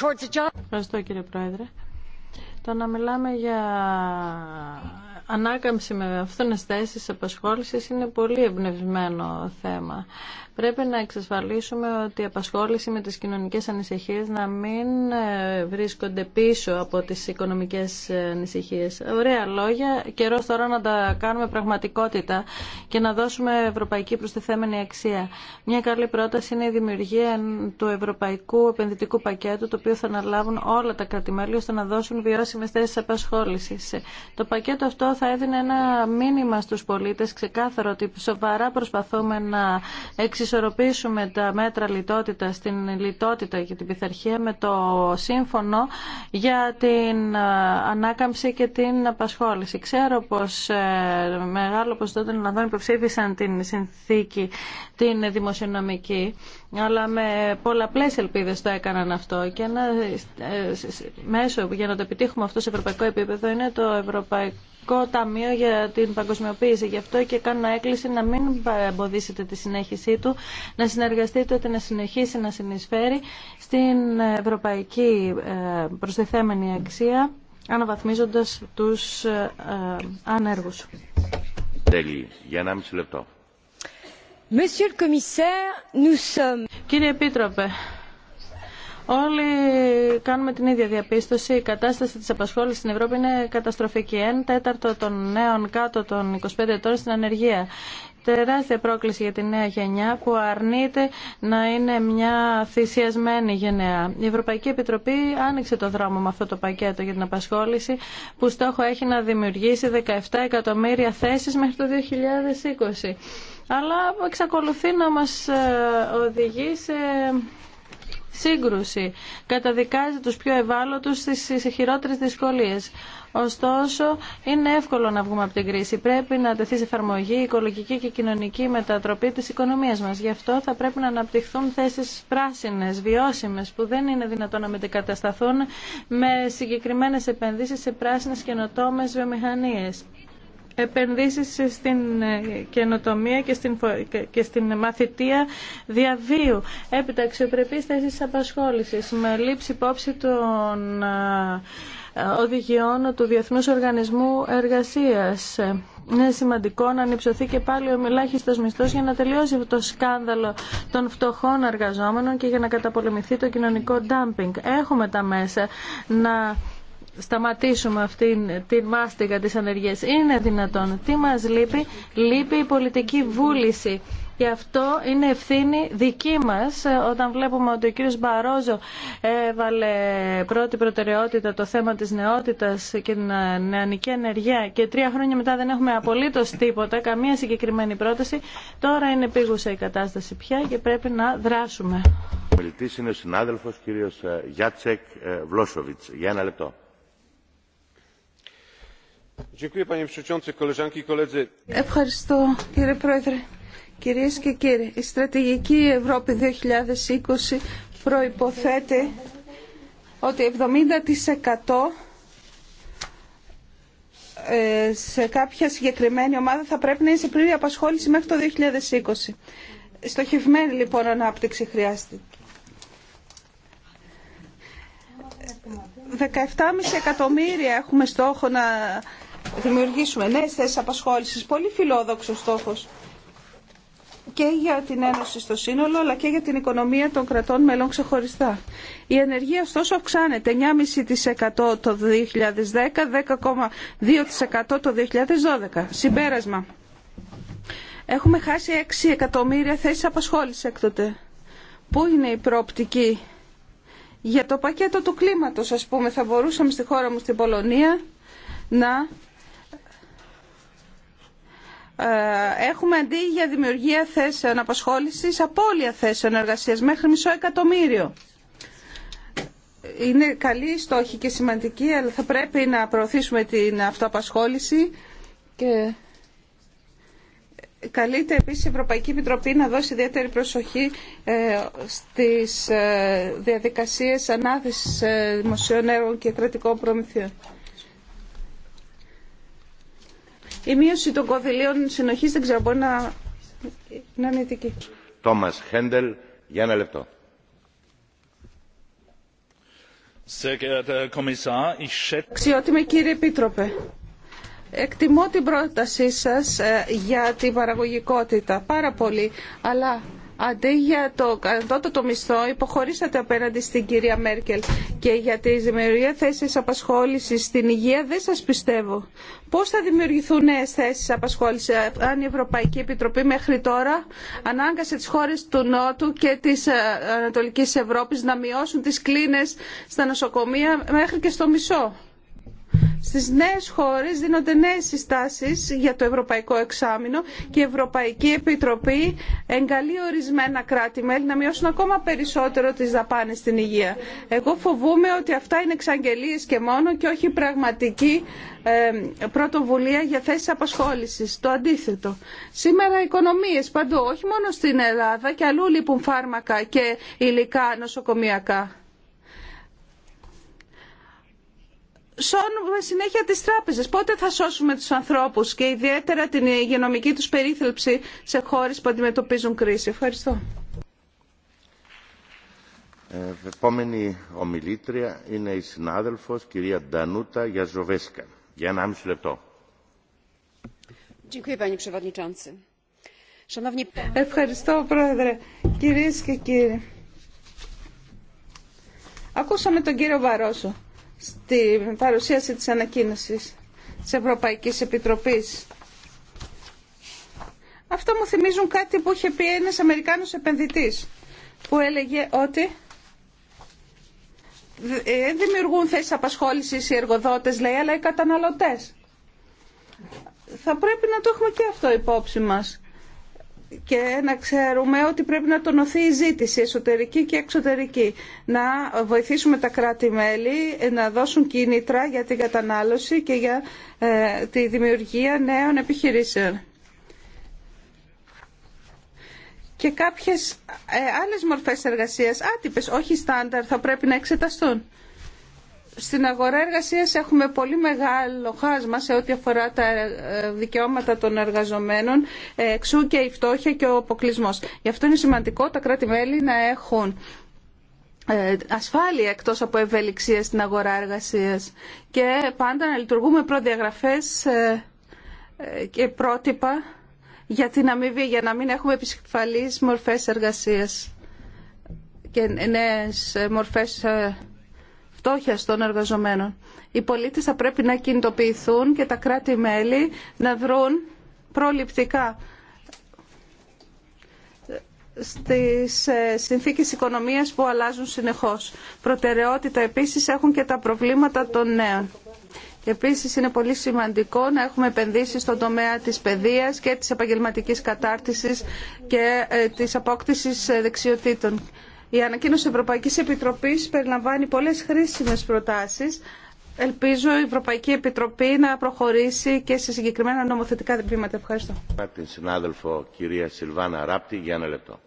Towards job... Ευχαριστώ κύριε Πρόεδρε. Το να μιλάμε για ανάκαμψη με αυτές τις θέσεις απασχόλησης είναι πολύ εμπνευσμένο θέμα. Πρέπει να εξασφαλίσουμε ότι η απασχόληση με τις κοινωνικές ανησυχίες να μην ε, βρίσκονται πίσω από τις οικονομικές ε, ανησυχίες. Ωραία λόγια, Καιρό τώρα να τα κάνουμε πραγματικότητα και να δώσουμε ευρωπαϊκή προστιθέμενη αξία. Μια καλή πρόταση είναι η δημιουργία του ευρωπαϊκού επενδυτικού πακέτου, το οποίο θα αναλάβουν όλα τα κρατημέλη ώστε να δώσουν βιώσιμε θέσει απασχόληση. Το πακέτο αυτό θα έδινε ένα μήνυμα στου πολίτε ξεκάθαρο ότι σοβαρά προσπαθούμε να ισορροπήσουμε τα μέτρα λιτότητα στην λιτότητα και την πειθαρχία με το σύμφωνο για την ε, ανάκαμψη και την απασχόληση. Ξέρω πως ε, μεγάλο ποσοστό των Ελλανδών υποψήφισαν την συνθήκη την δημοσιονομική, αλλά με πολλαπλές ελπίδες το έκαναν αυτό και ένα ε, μέσο για να το επιτύχουμε αυτό σε ευρωπαϊκό επίπεδο είναι το ευρωπαϊκό Ταμείο για την Παγκοσμιοποίηση. Γι' αυτό και κάνω έκκληση να μην εμποδίσετε τη συνέχισή του, να συνεργαστείτε ότι να συνεχίσει να συνεισφέρει στην ευρωπαϊκή ε, προστιθέμενη αξία, αναβαθμίζοντας τους ε, ανέργους. για Monsieur le Commissaire, nous sommes... Κύριε Επίτροπε, Όλοι κάνουμε την ίδια διαπίστωση. Η κατάσταση τη απασχόληση στην Ευρώπη είναι καταστροφική. Εν τέταρτο των νέων κάτω των 25 ετών στην ανεργία τεράστια πρόκληση για τη νέα γενιά που αρνείται να είναι μια θυσιασμένη γενιά. Η Ευρωπαϊκή Επιτροπή άνοιξε το δρόμο με αυτό το πακέτο για την απασχόληση που στόχο έχει να δημιουργήσει 17 εκατομμύρια θέσεις μέχρι το 2020. Αλλά εξακολουθεί να μας ε, οδηγεί σε σύγκρουση. Καταδικάζει τους πιο ευάλωτους στις χειρότερες δυσκολίες. Ωστόσο, είναι εύκολο να βγούμε από την κρίση. Πρέπει να τεθεί σε εφαρμογή η οικολογική και κοινωνική μετατροπή τη οικονομία μα. Γι' αυτό θα πρέπει να αναπτυχθούν θέσει πράσινε, βιώσιμε, που δεν είναι δυνατόν να μετεκατασταθούν με συγκεκριμένε επενδύσει σε πράσινε καινοτόμε βιομηχανίε επενδύσεις στην ε, καινοτομία και στην, και στην μαθητεία διαβίου. Έπειτα αξιοπρεπείς θέσεις απασχόλησης με λήψη υπόψη των ε, οδηγιών του Διεθνούς Οργανισμού Εργασίας. Είναι σημαντικό να ανυψωθεί και πάλι ο ελάχιστο μισθό για να τελειώσει το σκάνδαλο των φτωχών εργαζόμενων και για να καταπολεμηθεί το κοινωνικό ντάμπινγκ. Έχουμε τα μέσα να σταματήσουμε αυτή την μάστιγα της ανεργίας. Είναι δυνατόν. Τι μας λείπει. Λείπει η πολιτική βούληση. Γι' αυτό είναι ευθύνη δική μας ε, όταν βλέπουμε ότι ο κύριος Μπαρόζο έβαλε πρώτη προτεραιότητα το θέμα της νεότητας και την ε, νεανική ενεργεία και τρία χρόνια μετά δεν έχουμε απολύτως τίποτα, καμία συγκεκριμένη πρόταση. Τώρα είναι πήγουσα η κατάσταση πια και πρέπει να δράσουμε. Ο είναι ο συνάδελφος κύριος ε, Γιάτσεκ Βλόσοβιτς. Για ένα λεπτό. Ευχαριστώ κύριε Πρόεδρε. Κυρίες και κύριοι, η στρατηγική Ευρώπη 2020 προϋποθέτει ότι 70% ε, σε κάποια συγκεκριμένη ομάδα θα πρέπει να είναι σε πλήρη απασχόληση μέχρι το 2020. Στοχευμένη λοιπόν ανάπτυξη χρειάζεται. 17,5 εκατομμύρια έχουμε στόχο να δημιουργήσουμε νέε θέσει απασχόληση, Πολύ φιλόδοξο στόχο και για την Ένωση στο σύνολο αλλά και για την οικονομία των κρατών μελών ξεχωριστά. Η ενεργία ωστόσο αυξάνεται 9,5% το 2010, 10,2% το 2012. Συμπέρασμα. Έχουμε χάσει 6 εκατομμύρια θέσεις απασχόλησης έκτοτε. Πού είναι η προοπτική για το πακέτο του κλίματος, ας πούμε, θα μπορούσαμε στη χώρα μου στην Πολωνία να ε, έχουμε αντί για δημιουργία θέσεων απασχόλησης απώλεια θέσεων εργασίας μέχρι μισό εκατομμύριο. Είναι καλή η στόχη και σημαντική, αλλά θα πρέπει να προωθήσουμε την αυτοαπασχόληση και καλείται επίσης η Ευρωπαϊκή Επιτροπή να δώσει ιδιαίτερη προσοχή ε, στις ε, διαδικασίες ανάθεσης δημοσίων έργων και κρατικών προμηθειών. Η μείωση των κονδυλίων συνοχή δεν ξέρω μπορεί να, να είναι ηθική. Τόμας Χέντελ, για ένα λεπτό. Αξιότιμη κύριε Επίτροπε, εκτιμώ την πρότασή σας ε, για την παραγωγικότητα πάρα πολύ, αλλά αντί για το κατώτατο μισθό υποχωρήσατε απέναντι στην κυρία Μέρκελ και για τη δημιουργία θέσει απασχόληση στην υγεία δεν σας πιστεύω. Πώς θα δημιουργηθούν νέε θέσεις απασχόλησης αν η Ευρωπαϊκή Επιτροπή μέχρι τώρα ανάγκασε τις χώρες του Νότου και της ε, Ανατολικής Ευρώπης να μειώσουν τις κλίνες στα νοσοκομεία μέχρι και στο μισό. Στις νέες χώρες δίνονται νέες συστάσεις για το Ευρωπαϊκό Εξάμεινο και η Ευρωπαϊκή Επιτροπή εγκαλεί ορισμένα κράτη-μέλη να μειώσουν ακόμα περισσότερο τις δαπάνες στην υγεία. Εγώ φοβούμαι ότι αυτά είναι εξαγγελίες και μόνο και όχι πραγματική ε, πρωτοβουλία για θέσεις απασχόλησης. Το αντίθετο. Σήμερα οικονομίε παντού, όχι μόνο στην Ελλάδα και αλλού λείπουν φάρμακα και υλικά νοσοκομιακά. σώνουμε συνέχεια τις τράπεζες. Πότε θα σώσουμε τους ανθρώπους και ιδιαίτερα την υγειονομική τους περίθαλψη σε χώρες που αντιμετωπίζουν κρίση. Ευχαριστώ. Ε, επόμενη ομιλήτρια είναι η συνάδελφος κυρία Ντανούτα Γιαζοβέσκα. Για ένα μισό λεπτό. Ευχαριστώ, Πρόεδρε. Κυρίες και κύριοι. Ακούσαμε τον κύριο Βαρόσο στην παρουσίαση της ανακοίνωσης της Ευρωπαϊκής Επιτροπής. Αυτό μου θυμίζουν κάτι που είχε πει ένας Αμερικάνος επενδυτής που έλεγε ότι ε, δεν δημιουργούν θέσεις απασχόλησης οι εργοδότες λέει αλλά οι καταναλωτές. Θα πρέπει να το έχουμε και αυτό υπόψη μας και να ξέρουμε ότι πρέπει να τονωθεί η ζήτηση εσωτερική και εξωτερική. Να βοηθήσουμε τα κράτη-μέλη να δώσουν κίνητρα για την κατανάλωση και για ε, τη δημιουργία νέων επιχειρήσεων. Και κάποιες ε, άλλες μορφές εργασίας, άτυπες, όχι στάνταρ, θα πρέπει να εξεταστούν στην αγορά εργασίας έχουμε πολύ μεγάλο χάσμα σε ό,τι αφορά τα ε, δικαιώματα των εργαζομένων, ε, εξού και η φτώχεια και ο αποκλεισμός. Γι' αυτό είναι σημαντικό τα κράτη-μέλη να έχουν ε, ασφάλεια εκτός από ευελιξία στην αγορά εργασίας και πάντα να λειτουργούμε προδιαγραφές και πρότυπα για την αμοιβή, για να μην έχουμε επισφαλείς μορφές εργασίας και νέες μορφές φτώχεια των εργαζομένων. Οι πολίτες θα πρέπει να κινητοποιηθούν και τα κράτη-μέλη να βρουν προληπτικά στις ε, συνθήκες οικονομίας που αλλάζουν συνεχώς. Προτεραιότητα επίσης έχουν και τα προβλήματα των νέων. επίσης είναι πολύ σημαντικό να έχουμε επενδύσει στον τομέα της παιδείας και της επαγγελματικής κατάρτισης και ε, της απόκτησης ε, δεξιοτήτων. Η ανακοίνωση Ευρωπαϊκής Επιτροπής περιλαμβάνει πολλές χρήσιμες προτάσεις. Ελπίζω η Ευρωπαϊκή Επιτροπή να προχωρήσει και σε συγκεκριμένα νομοθετικά βήματα. Ευχαριστώ. Την συνάδελφο κυρία Σιλβάνα Ράπτη για ένα λεπτό.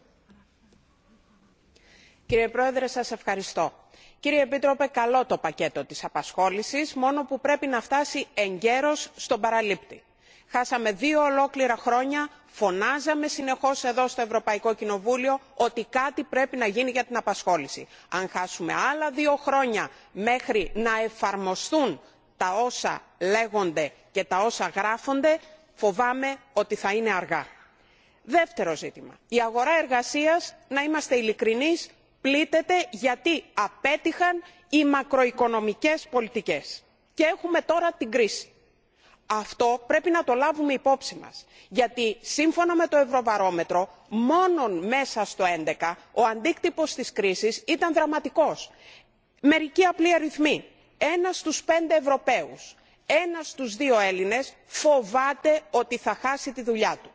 Κύριε Πρόεδρε, σας ευχαριστώ. Κύριε Επίτροπε, καλό το πακέτο της απασχόλησης, μόνο που πρέπει να φτάσει εγκαίρως στον παραλήπτη χάσαμε δύο ολόκληρα χρόνια φωνάζαμε συνεχώς εδώ στο ευρωπαϊκό κοινοβούλιο ότι κάτι πρέπει να γίνει για την απασχόληση. αν χάσουμε άλλα δύο χρόνια μέχρι να εφαρμοστούν τα όσα λέγονται και τα όσα γράφονται φοβάμαι ότι θα είναι αργά. δεύτερο ζήτημα η αγορά εργασίας να είμαστε ειλικρινείς πλήττεται γιατί απέτυχαν οι μακροοικονομικές πολιτικές και έχουμε τώρα την κρίση αυτό πρέπει να το λάβουμε υπόψη μας γιατί σύμφωνα με το ευρωβαρόμετρο μόνο μέσα στο 2011 έντεκα ο αντίκτυπος της κρίσης ήταν δραματικός. μερικοί απλοί αριθμοί ένας στους πέντε ευρωπαίους ένας στους δύο έλληνες φοβάται ότι θα χάσει τη δουλειά του.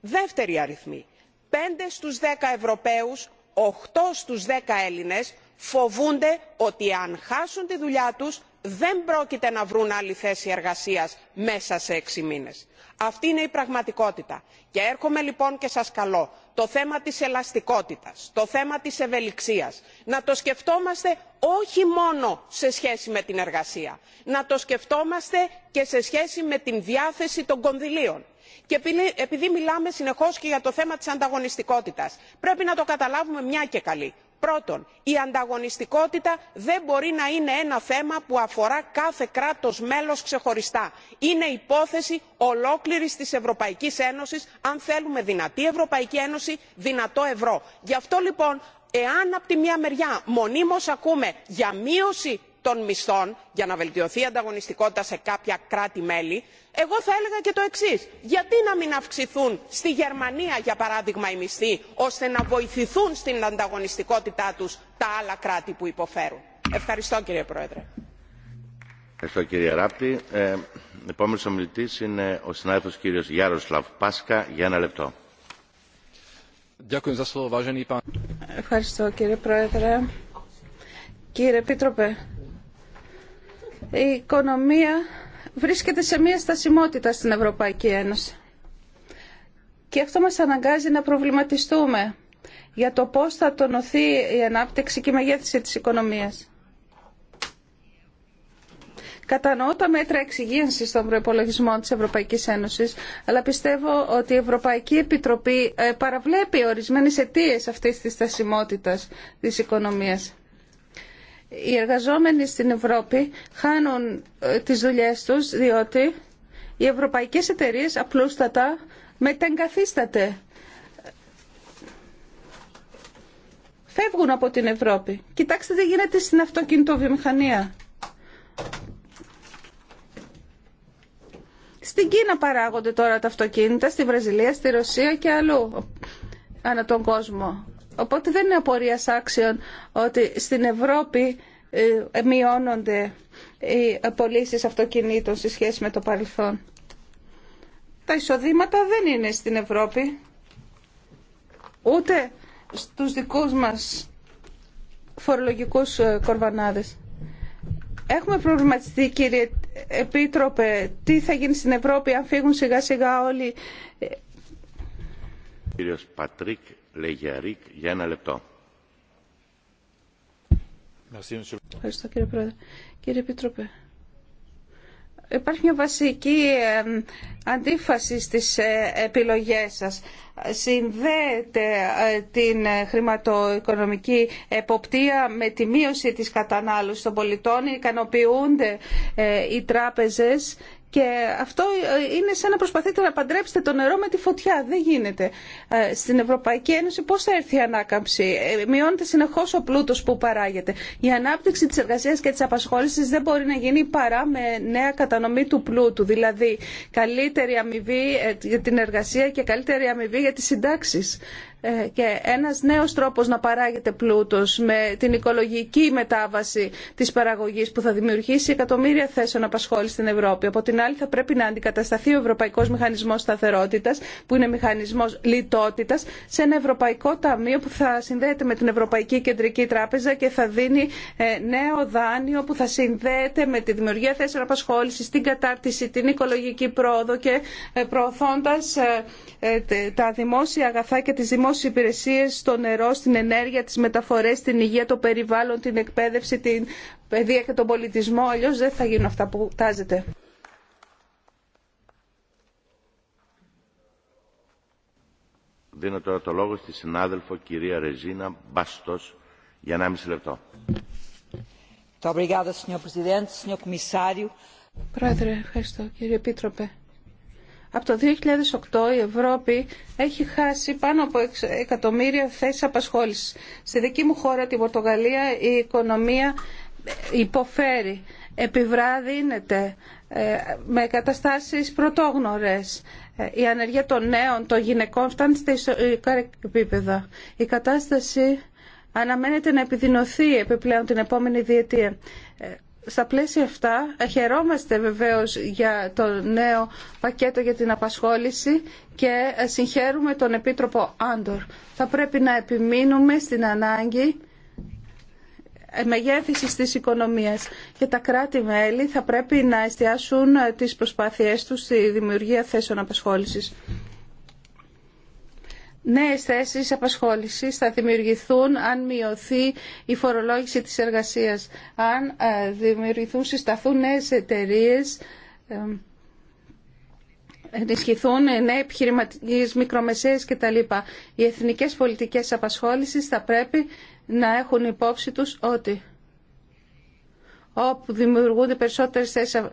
δεύτεροι αριθμοί πέντε στους δέκα ευρωπαίους οχτώ στους δέκα έλληνες φοβούνται ότι αν χάσουν τη δουλειά τους δεν πρόκειται να βρουν άλλη θέση εργασίας μέσα σε έξι μήνες. αυτή είναι η πραγματικότητα και έρχομαι λοιπόν και σας καλώ το θέμα της ελαστικότητας το θέμα της ευελιξίας να το σκεφτόμαστε όχι μόνο σε σχέση με την εργασία να το σκεφτόμαστε και σε σχέση με την διάθεση των κονδυλίων και επειδή μιλάμε συνεχώ και για το θέμα τη ανταγωνιστικότητα, πρέπει να το καταλάβουμε μια και καλή πρώτον η ανταγωνιστικότητα δεν μπορεί να είναι ένα θέμα που αφορά κάθε κράτος μέλος ξεχωριστά είναι υπόθεση ολόκληρης της ευρωπαϊκής ένωσης αν θέλουμε δυνατή ευρωπαϊκή ένωση δυνατό ευρώ. γι' αυτό λοιπόν εάν από τη μια μεριά μονίμως ακούμε για μείωση των μισθών για να βελτιωθεί η ανταγωνιστικότητα σε κάποια κράτη μέλη εγώ θα έλεγα και το εξή γιατί να μην αυξηθούν στη γερμανία για παράδειγμα οι μισθοί ώστε να βοηθηθούν στην ανταγωνιστικότητά του τα άλλα κράτη που υποφέρουν. ευχαριστώ κύριε πρόεδρε. Ευχαριστώ κύριε Ράπτη. Ε, επόμενος είναι ο συνάδελφος κύριος Γιάροσλαβ Πάσκα για ένα λεπτό. Ευχαριστώ κύριε Πρόεδρε. Κύριε Επίτροπε, η οικονομία βρίσκεται σε μια στασιμότητα στην Ευρωπαϊκή Ένωση. Και αυτό μας αναγκάζει να προβληματιστούμε για το πώς θα τονωθεί η ανάπτυξη και η μεγέθυνση της οικονομίας. Κατανοώ τα μέτρα εξυγίανσης των προϋπολογισμών της Ευρωπαϊκής Ένωσης, αλλά πιστεύω ότι η Ευρωπαϊκή Επιτροπή ε, παραβλέπει ορισμένες αιτίες αυτής της στασιμότητας της οικονομίας οι εργαζόμενοι στην Ευρώπη χάνουν ε, τις δουλειές τους διότι οι ευρωπαϊκές εταιρείες απλούστατα μετεγκαθίσταται. Φεύγουν από την Ευρώπη. Κοιτάξτε τι γίνεται στην αυτοκινητοβιομηχανία. Στην Κίνα παράγονται τώρα τα αυτοκίνητα, στη Βραζιλία, στη Ρωσία και αλλού ανά τον κόσμο. Οπότε δεν είναι απορία άξιων ότι στην Ευρώπη ε, μειώνονται οι πωλήσει αυτοκινήτων σε σχέση με το παρελθόν. Τα εισοδήματα δεν είναι στην Ευρώπη, ούτε στους δικούς μας φορολογικούς ε, κορβανάδες. Έχουμε προβληματιστεί κύριε Επίτροπε τι θα γίνει στην Ευρώπη αν φύγουν σιγά σιγά όλοι. Ε, Κύριος Πατρίκ για ένα λεπτό. Ευχαριστώ κύριε Πρόεδρε. Κύριε Επίτροπε, υπάρχει μια βασική αντίφαση στις ε, επιλογές σας. Συνδέεται ε, την ε, χρηματοοικονομική εποπτεία με τη μείωση της κατανάλωσης των πολιτών. Ικανοποιούνται οι τράπεζες και αυτό ε, είναι σαν να προσπαθείτε να παντρέψετε το νερό με τη φωτιά. Δεν γίνεται. Ε, στην Ευρωπαϊκή Ένωση πώς θα έρθει η ανάκαμψη. Ε, μειώνεται συνεχώς ο πλούτος που παράγεται. Η ανάπτυξη της εργασίας και της απασχόλησης δεν μπορεί να γίνει παρά με νέα κατανομή του πλούτου. Δηλαδή καλύτερη αμοιβή για την εργασία και καλύτερη αμοιβή για τις συντάξεις. Ε, και ένας νέος τρόπος να παράγεται πλούτος με την οικολογική μετάβαση της παραγωγής που θα δημιουργήσει εκατομμύρια θέσεων απασχόληση στην Ευρώπη. Από την άλλη θα πρέπει να αντικατασταθεί ο Ευρωπαϊκός Μηχανισμός Σταθερότητας που είναι μηχανισμός λιτότητας σε ένα Ευρωπαϊκό Ταμείο που θα συνδέεται με την Ευρωπαϊκή Κεντρική Τράπεζα και θα δίνει ε, νέο δάνειο που θα συνδέεται με τη δημιουργία θέσεων απασχόλησης, την κατάρτιση, την οικολογική πρόοδο και ε, προωθώντας τα δημόσια αγαθά και τις δημόσια δημόσιες υπηρεσίες, στο νερό, στην ενέργεια, τις μεταφορές, την υγεία, το περιβάλλον, την εκπαίδευση, την παιδεία και τον πολιτισμό. Αλλιώς δεν θα γίνουν αυτά που τάζετε. Δίνω τώρα το λόγο στη συνάδελφο κυρία Ρεζίνα Μπαστός για 1,5 λεπτό. Πρόεδρε, ευχαριστώ κύριε Επίτροπε. Από το 2008 η Ευρώπη έχει χάσει πάνω από εκατομμύρια θέσεις απασχόλησης. Στη δική μου χώρα, την Πορτογαλία, η οικονομία ε, υποφέρει, επιβραδύνεται ε, με καταστάσεις πρωτόγνωρες. Ε, η ανεργία των νέων, των γυναικών φτάνει στα ιστορικά επίπεδα. Η κατάσταση αναμένεται να επιδεινωθεί επιπλέον την επόμενη διετία στα πλαίσια αυτά χαιρόμαστε βεβαίως για το νέο πακέτο για την απασχόληση και συγχαίρουμε τον Επίτροπο Άντορ. Θα πρέπει να επιμείνουμε στην ανάγκη μεγέθηση της οικονομίας και τα κράτη-μέλη θα πρέπει να εστιάσουν τις προσπάθειές τους στη δημιουργία θέσεων απασχόλησης νέες θέσεις απασχόλησης θα δημιουργηθούν αν μειωθεί η φορολόγηση της εργασίας, αν ε, δημιουργηθούν, συσταθούν νέες εταιρείες, ε, ενισχυθούν ε, νέοι επιχειρηματίες, μικρομεσαίες κτλ. Οι εθνικές πολιτικές απασχόλησης θα πρέπει να έχουν υπόψη τους ότι όπου δημιουργούνται περισσότερες θέσεις ε,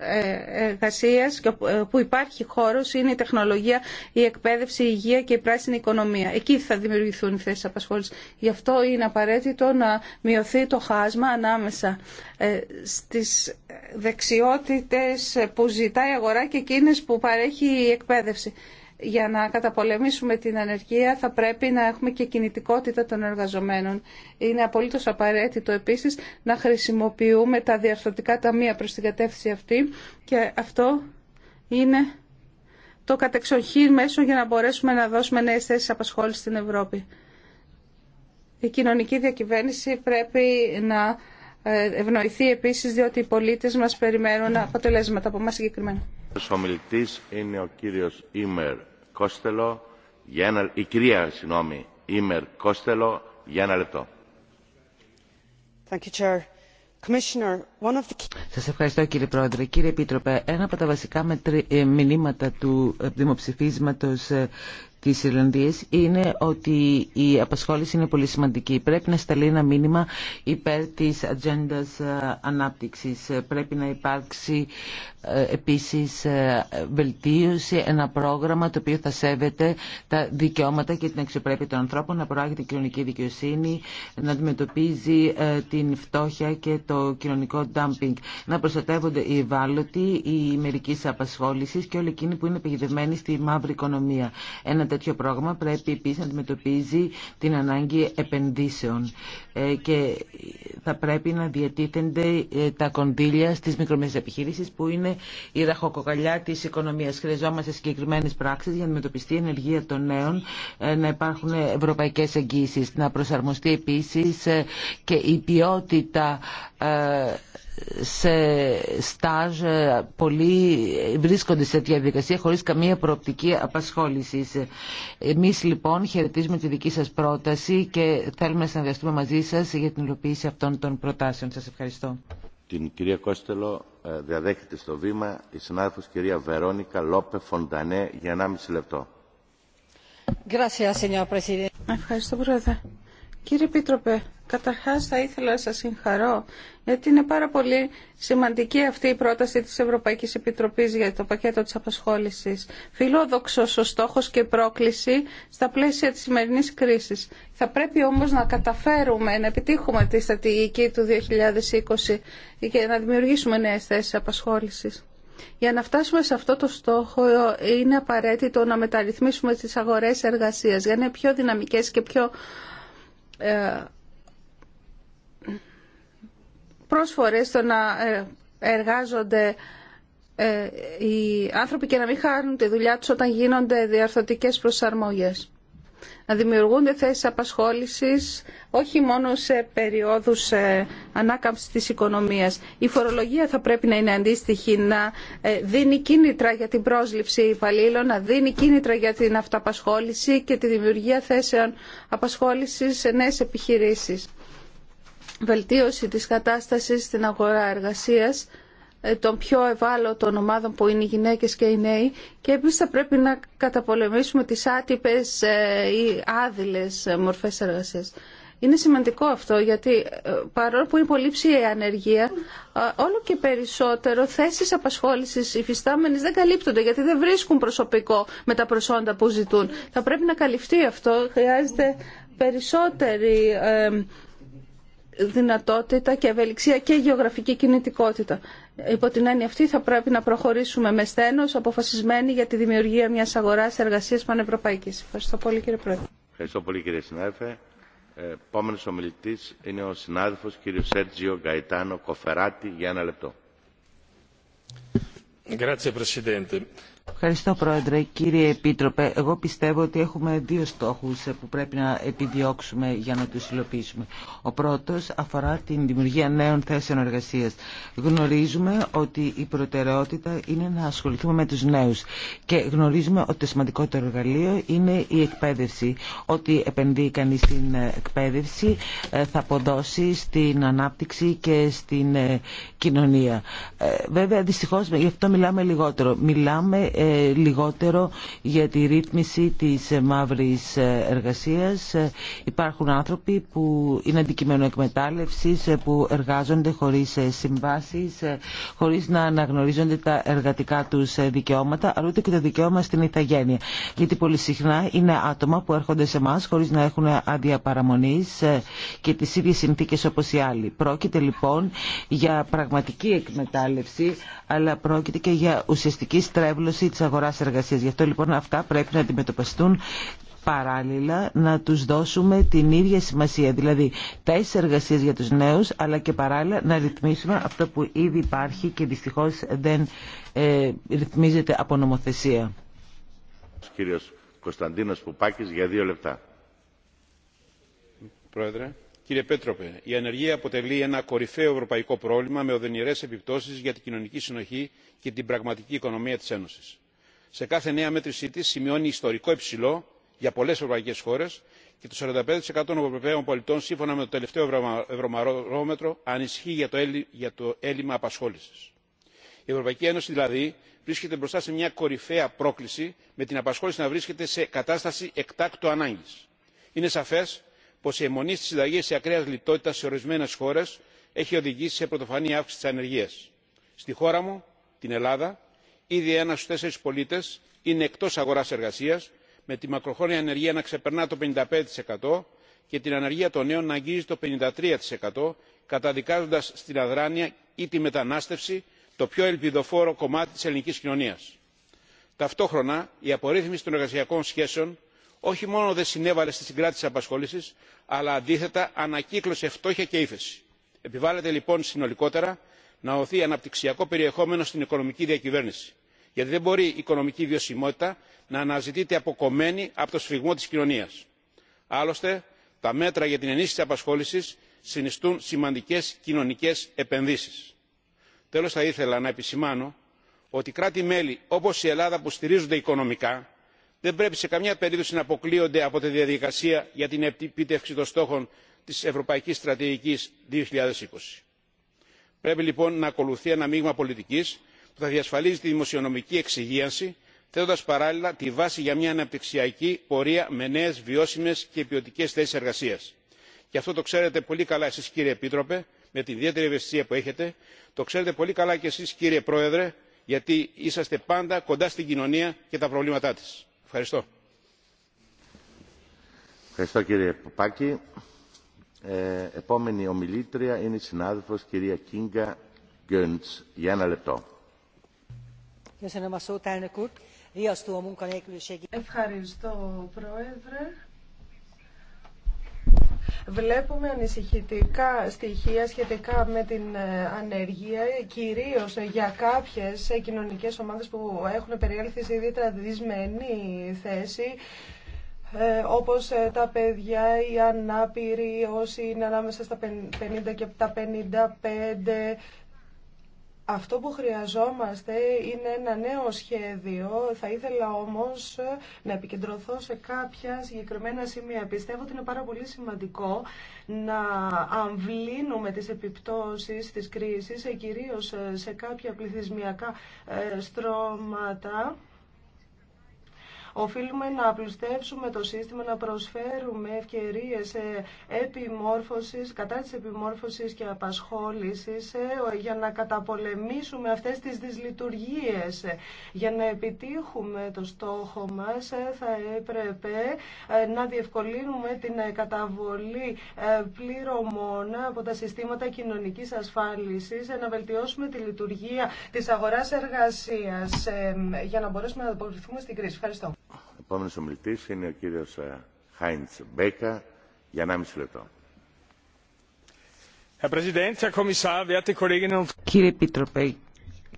εργασίας και ε, όπου υπάρχει χώρος είναι η τεχνολογία, η εκπαίδευση, η υγεία και η πράσινη οικονομία. Εκεί θα δημιουργηθούν οι θέσεις απασχόλησης. Γι' αυτό είναι απαραίτητο να μειωθεί το χάσμα ανάμεσα ε, στις δεξιότητες που ζητάει η αγορά και εκείνες που παρέχει η εκπαίδευση για να καταπολεμήσουμε την ανεργία θα πρέπει να έχουμε και κινητικότητα των εργαζομένων. Είναι απολύτως απαραίτητο επίσης να χρησιμοποιούμε τα διαρθρωτικά ταμεία προς την κατεύθυνση αυτή και αυτό είναι το κατεξοχή μέσο για να μπορέσουμε να δώσουμε νέες θέσεις απασχόλησης στην Ευρώπη. Η κοινωνική διακυβέρνηση πρέπει να ε, ευνοηθεί επίσης διότι οι πολίτες μας περιμένουν αποτελέσματα από εμάς συγκεκριμένα. Ο ομιλητής είναι ο κύριος Ήμερ. Κώστελο για ένα... η κυρία συγγνώμη, Ήμερ Κώστελο για ένα λεπτό. Thank you, Chair. Σας ευχαριστώ κύριε Πρόεδρε. Κύριε Επίτροπε, ένα από τα βασικά ε, μηνύματα του ε, δημοψηφίσματος ε, της Ιρλανδίας είναι ότι η απασχόληση είναι πολύ σημαντική. Πρέπει να σταλεί ένα μήνυμα υπέρ της ατζέντα ανάπτυξης. Πρέπει να υπάρξει επίσης ε, βελτίωση, ένα πρόγραμμα το οποίο θα σέβεται τα δικαιώματα και την αξιοπρέπεια των ανθρώπων, να προάγει την κοινωνική δικαιοσύνη, να αντιμετωπίζει ε, την φτώχεια και το κοινωνικό dumping, να προστατεύονται οι ευάλωτοι, οι μερική απασχόληση και όλοι εκείνοι που είναι παγιδευμένοι στη μαύρη οικονομία. Ένα τέτοιο πρόγραμμα πρέπει επίσης να αντιμετωπίζει την ανάγκη επενδύσεων ε, και θα πρέπει να διατίθενται τα κονδύλια στις μικρομεσαίες επιχειρήσεις που είναι είναι η ραχοκοκαλιά τη οικονομία. Χρειαζόμαστε συγκεκριμένε πράξει για να αντιμετωπιστεί η ενεργεία των νέων, ε, να υπάρχουν ευρωπαϊκέ εγγύσει, να προσαρμοστεί επίση ε, και η ποιότητα ε, σε στάζ πολλοί βρίσκονται σε τέτοια διαδικασία χωρίς καμία προοπτική απασχόληση. Εμείς λοιπόν χαιρετίζουμε τη δική σας πρόταση και θέλουμε να συνεργαστούμε μαζί σας για την υλοποίηση αυτών των προτάσεων. Σας ευχαριστώ. Ε, διαδέχεται στο βήμα η συνάδελφος κυρία Βερόνικα Λόπε Φοντανέ για 1,5 λεπτό. Ευχαριστώ, Πρόεδρε. Κύριε Πίτροπε, καταρχάς θα ήθελα να σας συγχαρώ, γιατί είναι πάρα πολύ σημαντική αυτή η πρόταση της Ευρωπαϊκής Επιτροπής για το πακέτο της απασχόλησης. Φιλόδοξος ο στόχος και πρόκληση στα πλαίσια της σημερινής κρίσης. Θα πρέπει όμως να καταφέρουμε να επιτύχουμε τη στρατηγική του 2020 και να δημιουργήσουμε νέες θέσεις απασχόλησης. Για να φτάσουμε σε αυτό το στόχο είναι απαραίτητο να μεταρρυθμίσουμε τις αγορές εργασίας για να είναι πιο δυναμικές και πιο ε, πρόσφορες στο να ε, εργάζονται ε, οι άνθρωποι και να μην χάνουν τη δουλειά τους όταν γίνονται διαρθωτικές προσαρμογές να δημιουργούνται θέσεις απασχόλησης όχι μόνο σε περιόδους ε, ανάκαμψης της οικονομίας. Η φορολογία θα πρέπει να είναι αντίστοιχη, να ε, δίνει κίνητρα για την πρόσληψη υπαλλήλων, να δίνει κίνητρα για την αυταπασχόληση και τη δημιουργία θέσεων απασχόλησης σε νέες επιχειρήσεις. Βελτίωση της κατάστασης στην αγορά εργασίας ε, των πιο ευάλωτων ομάδων που είναι οι γυναίκες και οι νέοι και επίσης θα πρέπει να καταπολεμήσουμε τις άτυπες ε, ή άδειλες ε, μορφές εργασίας. Είναι σημαντικό αυτό γιατί παρόλο που είναι πολύ ψηλή η ανεργία, που ειναι η ανεργια ολο και περισσότερο θέσεις απασχόλησης υφιστάμενες δεν καλύπτονται γιατί δεν βρίσκουν προσωπικό με τα προσόντα που ζητούν. Θα πρέπει να καλυφθεί αυτό. Χρειάζεται περισσότερη δυνατότητα και ευελιξία και γεωγραφική κινητικότητα. Υπό την έννοια αυτή θα πρέπει να προχωρήσουμε με στένος αποφασισμένοι για τη δημιουργία μιας αγοράς εργασίας πανευρωπαϊκής. Ευχαριστώ πολύ κύριε Πρόεδρε. Ευχαριστώ πολύ κύριε συνάδελφε. Ε, επόμενος ομιλητής είναι ο συνάδελφος κύριος Σέρτζιο Γκαϊτάνο Κοφεράτη για ένα λεπτό. Grazie, Presidente. Ευχαριστώ Πρόεδρε. Κύριε Επίτροπε, εγώ πιστεύω ότι έχουμε δύο στόχους που πρέπει να επιδιώξουμε για να τους υλοποιήσουμε. Ο πρώτος αφορά την δημιουργία νέων θέσεων εργασίας. Γνωρίζουμε ότι η προτεραιότητα είναι να ασχοληθούμε με τους νέους και γνωρίζουμε ότι το σημαντικότερο εργαλείο είναι η εκπαίδευση. Ότι επενδύει κανεί στην εκπαίδευση ε, θα αποδώσει στην ανάπτυξη και στην ε, κοινωνία. Ε, βέβαια δυστυχώς γι' αυτό μιλάμε λιγότερο. Μιλάμε ε, λιγότερο για τη ρύθμιση της μαύρης ε, εργασίας. Ε, υπάρχουν άνθρωποι που είναι αντικείμενο εκμετάλλευσης, που εργάζονται χωρίς συμβάσεις, χωρίς να αναγνωρίζονται τα εργατικά τους δικαιώματα, αλλά ούτε και το δικαίωμα στην ηθαγένεια. Γιατί πολύ συχνά είναι άτομα που έρχονται σε εμά χωρίς να έχουν άδεια παραμονής και τις ίδιες συνθήκες όπως οι άλλοι. Πρόκειται λοιπόν για πραγματική εκμετάλλευση, αλλά πρόκειται και για ουσιαστική στρέβλωση Τη αγορά εργασία. Γι' αυτό λοιπόν αυτά πρέπει να αντιμετωπιστούν παράλληλα να τους δώσουμε την ίδια σημασία, δηλαδή τέσσερις εργασίες για τους νέους, αλλά και παράλληλα να ρυθμίσουμε αυτό που ήδη υπάρχει και δυστυχώς δεν ε, ρυθμίζεται από νομοθεσία. Κύριος Κωνσταντίνος Πουπάκης για δύο λεπτά. Πρόεδρε κύριε Πέτροπε, η ανεργία αποτελεί ένα κορυφαίο ευρωπαϊκό πρόβλημα με οδυνηρές επιπτώσεις για την κοινωνική συνοχή και την πραγματική οικονομία της ένωσης. σε κάθε νέα μέτρησή της σημειώνει ιστορικό υψηλό για πολλές ευρωπαϊκές χώρες και το 45% των ευρωπαίων πολιτών σύμφωνα με το τελευταίο ευρωμαρόμετρο ανησυχεί για το έλλειμμα απασχόλησης. η ευρωπαϊκή ένωση δηλαδή βρίσκεται μπροστά σε μια κορυφαία πρόκληση με την απασχόληση να βρίσκεται σε κατάσταση εκτάκτου ανάγκης. είναι σαφές πω η αιμονή στι συνταγέ τη ακραία λιτότητα σε ορισμένε χώρε έχει οδηγήσει σε πρωτοφανή αύξηση τη ανεργία. στη χώρα μου την ελλάδα ήδη ένα στου τέσσερι πολίτε είναι εκτό αγορά εργασία με τη μακροχρόνια ανεργία να ξεπερνά το 55% και την ανεργία των νέων να αγγίζει το 53% καταδικάζοντα στην αδράνεια ή τη μετανάστευση το πιο ελπιδοφόρο κομμάτι τη ελληνική κοινωνία. ταυτόχρονα η απορρίθμιση των εργασιακών σχέσεων όχι μόνο δεν συνέβαλε στη συγκράτηση απασχόλησης αλλά αντίθετα ανακύκλωσε φτώχεια και ύφεση. επιβάλλεται λοιπόν συνολικότερα να οθεί αναπτυξιακό περιεχόμενο στην οικονομική διακυβέρνηση γιατί δεν μπορεί η οικονομική βιωσιμότητα να αναζητείται αποκομμένη από το σφιγμό της κοινωνίας. άλλωστε τα μέτρα για την ενίσχυση της απασχόλησης συνιστούν σημαντικές κοινωνικές επενδύσεις. τέλος θα ήθελα να επισημάνω ότι κράτη μέλη όπως η ελλάδα που στηρίζονται οικονομικά δεν πρέπει σε καμία περίπτωση να αποκλείονται από τη διαδικασία για την επίτευξη των στόχων της ευρωπαϊκής στρατηγικής. 2020. πρέπει λοιπόν να ακολουθεί ένα μείγμα πολιτικής που θα διασφαλίζει τη δημοσιονομική εξυγίανση θέτοντας παράλληλα τη βάση για μια αναπτυξιακή πορεία με νέε βιώσιμε και ποιοτικέ θέσει εργασία. και αυτό το ξέρετε πολύ καλά εσείς κύριε επίτροπε με την ιδιαίτερη ευαισθησία που έχετε το ξέρετε πολύ καλά και εσεί κύριε πρόεδρε γιατί είσαστε πάντα κοντά στην κοινωνία και τα προβλήματά τη. Ευχαριστώ. Ευχαριστώ κύριε Παπάκη. Ε, επόμενη ομιλήτρια είναι η συνάδελφος κυρία Κίνγκα Γκέντς. Για ένα λεπτό. Ευχαριστώ, Πρόεδρε. Βλέπουμε ανησυχητικά στοιχεία σχετικά με την ε, ανεργία, κυρίως για κάποιες κοινωνικές ομάδες που έχουν περιέλθει σε ιδιαίτερα δυσμενή θέση ε, όπως ε, τα παιδιά, οι ανάπηροι, όσοι είναι ανάμεσα στα 50 και τα 55, αυτό που χρειαζόμαστε είναι ένα νέο σχέδιο. Θα ήθελα όμως να επικεντρωθώ σε κάποια συγκεκριμένα σημεία. Πιστεύω ότι είναι πάρα πολύ σημαντικό να αμβλύνουμε τις επιπτώσεις της κρίσης, ε, κυρίως ε, σε κάποια πληθυσμιακά ε, στρώματα Οφείλουμε να απλουστεύσουμε το σύστημα, να προσφέρουμε ευκαιρίε επιμόρφωση, κατά τη επιμόρφωση και απασχόληση, ε, για να καταπολεμήσουμε αυτέ τι δυσλειτουργίε. Για να επιτύχουμε το στόχο μα, ε, θα έπρεπε ε, να διευκολύνουμε την καταβολή πληρωμών από τα συστήματα κοινωνική ασφάλιση, να βελτιώσουμε τη λειτουργία τη αγορά εργασία για να μπορέσουμε να ανταποκριθούμε στην κρίση. Ευχαριστώ. Επόμενος ομιλητής είναι ο κύριος ε, Χάιντς Μπέκα για 1,5 λεπτό. Κύριε Επίτροπε,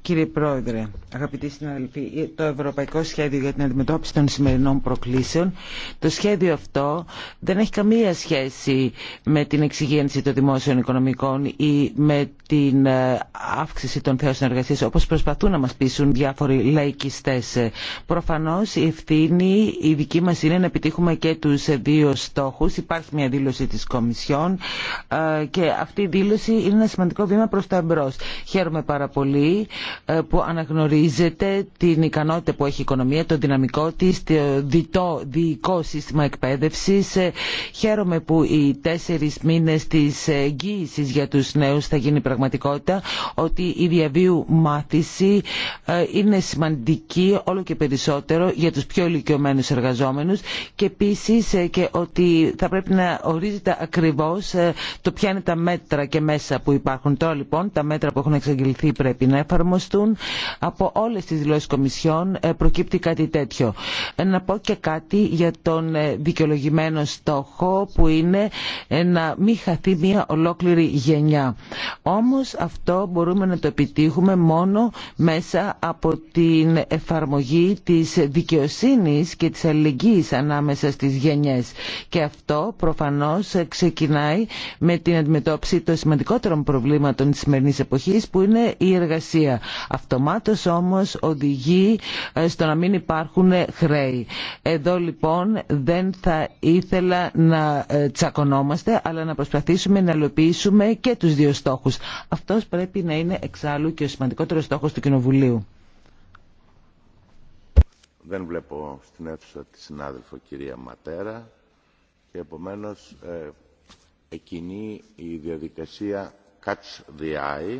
Κύριε Πρόεδρε, αγαπητοί συναδελφοί, το Ευρωπαϊκό Σχέδιο για την Αντιμετώπιση των Σημερινών Προκλήσεων, το σχέδιο αυτό δεν έχει καμία σχέση με την εξυγίανση των δημόσιων οικονομικών ή με την ε, αύξηση των θέσεων εργασία. Όπω προσπαθούν να μα πείσουν διάφοροι λαϊκιστέ. Προφανώ, η ευθύνη η δική μα είναι να επιτύχουμε και του δύο στόχου. Υπάρχει μια δήλωση τη Κομισιόν ε, και αυτή η δήλωση είναι ένα σημαντικό βήμα προ τα εμπρό. Χαίρομαι πάρα πολύ ε, που αναγνωρίζεται την ικανότητα που έχει η οικονομία, το δυναμικό της, το διτό διοικό σύστημα εκπαίδευσης. Ε, χαίρομαι που οι τέσσερις μήνες της εγγύησης για τους νέους θα γίνει πραγματικότητα, ότι η διαβίου μάθηση ε, είναι σημαντική όλο και περισσότερο για τους πιο ηλικιωμένους εργαζόμενους και επίσης και ότι θα πρέπει να ορίζεται ακριβώς το ποια είναι τα μέτρα και μέσα που υπάρχουν. Τώρα λοιπόν τα μέτρα που έχουν εξαγγελθεί πρέπει να εφαρμοστούν από όλες τις δηλώσεις Κομισιόν ε, προκύπτει κάτι τέτοιο. Ε, να πω και κάτι για τον ε, δικαιολογημένο στόχο που είναι να μην χαθεί μια ολόκληρη γενιά. Όμως αυτό μπορούμε να το επιτύχουμε μόνο μέσα από την εφαρμογή της δικαιοσύνης και της αλληλεγγύης ανάμεσα στις γενιές. Και αυτό προφανώς ξεκινάει με την αντιμετώπιση των σημαντικότερων προβλήματων της σημερινής εποχής που είναι η εργασία. Αυτομάτως όμως οδηγεί ε, στο να μην υπάρχουν ε, χρέη. Εδώ λοιπόν δεν θα ήθελα να ε, τσακωνόμαστε αλλά να προσπαθήσουμε να ελοποιήσουμε και τους δύο στόχους. Αυτός πρέπει να είναι εξάλλου και ο σημαντικότερος στόχος του Κοινοβουλίου. Δεν βλέπω στην αίθουσα τη συνάδελφο κυρία Ματέρα και επομένως ε, εκείνη η διαδικασία catch the eye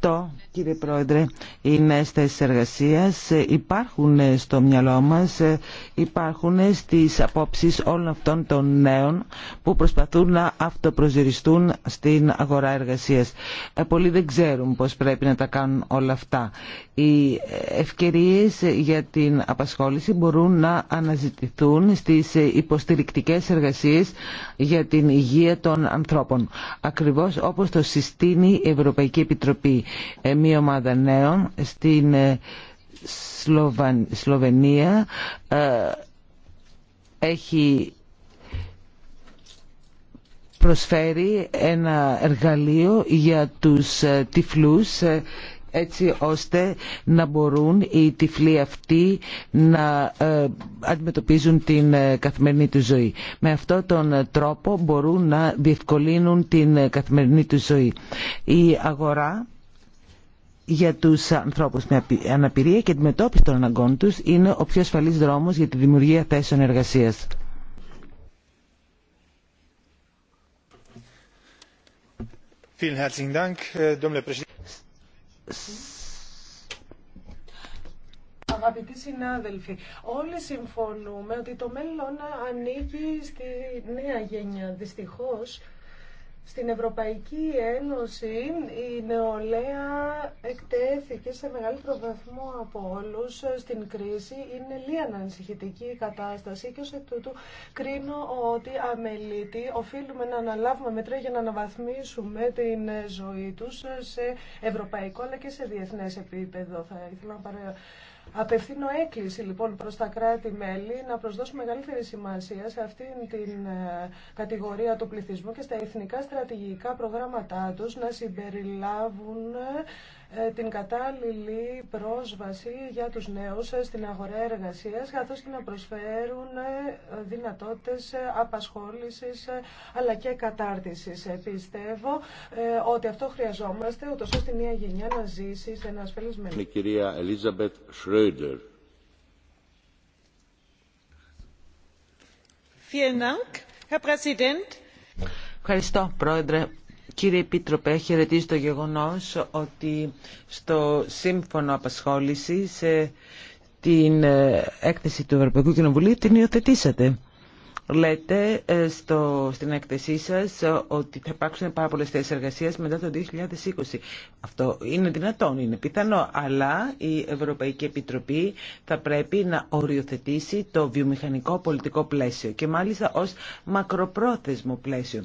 Το, κύριε Πρόεδρε, οι νέες θέσεις υπάρχουν στο μυαλό μας, υπάρχουν στις απόψεις όλων αυτών των νέων που προσπαθούν να αυτοπροσδιοριστούν στην αγορά εργασίας. Ε, πολλοί δεν ξέρουν πώς πρέπει να τα κάνουν όλα αυτά. Οι ευκαιρίες για την απασχόληση μπορούν να αναζητηθούν στις υποστηρικτικές εργασίες για την υγεία των ανθρώπων. Ακριβώς όπως το συστήνει η Ευρωπαϊκή Επιτροπή. Ε, μια ομάδα νέων στην ε, Σλοβενία ε, έχει προσφέρει ένα εργαλείο για τους τυφλούς έτσι ώστε να μπορούν οι τυφλοί αυτοί να αντιμετωπίζουν την καθημερινή του ζωή. Με αυτόν τον τρόπο μπορούν να διευκολύνουν την καθημερινή του ζωή. Η αγορά για τους ανθρώπους με αναπηρία και αντιμετώπιση των αναγκών τους είναι ο πιο ασφαλής δρόμος για τη δημιουργία θέσεων εργασίας. Äh, Αγαπητοί συνάδελφοι, όλοι συμφωνούμε ότι το μέλλον ανήκει στη νέα γενιά. Δυστυχώς, στην Ευρωπαϊκή Ένωση η νεολαία εκτέθηκε σε μεγαλύτερο βαθμό από όλους στην κρίση. Είναι λίγα ανησυχητική η κατάσταση και ως εκ τούτου κρίνω ότι αμελήτη οφείλουμε να αναλάβουμε μέτρα για να αναβαθμίσουμε την ζωή τους σε ευρωπαϊκό αλλά και σε διεθνές επίπεδο. Θα Απευθύνω έκκληση λοιπόν προς τα κράτη-μέλη να προσδώσουμε μεγαλύτερη σημασία σε αυτήν την ε, κατηγορία του πληθυσμού και στα εθνικά στρατηγικά προγράμματά τους να συμπεριλάβουν ε, ε, την κατάλληλη πρόσβαση για τους νέους ε, στην αγορά εργασίας, καθώς και να προσφέρουν ε, δυνατότητες απασχόλησης αλλά και κατάρτισης. Πιστεύω ότι αυτό χρειαζόμαστε, ούτως ώστε μια γενιά να ζήσει σε ένα ασφαλής μέλλον. Η κυρία Ελίζαμπετ Σρόιντερ. Ευχαριστώ, Πρόεδρε. Κύριε Επίτροπε, χαιρετίζω το γεγονός ότι στο σύμφωνο απασχόλησης ε, την ε, έκθεση του Ευρωπαϊκού Κοινοβουλίου την υιοθετήσατε. Λέτε ε, στην έκθεσή σας ε, ότι θα υπάρξουν πάρα πολλές θέσεις εργασίας μετά το 2020. Αυτό είναι δυνατόν, είναι πιθανό, αλλά η Ευρωπαϊκή Επιτροπή θα πρέπει να οριοθετήσει το βιομηχανικό πολιτικό πλαίσιο και μάλιστα ως μακροπρόθεσμο πλαίσιο.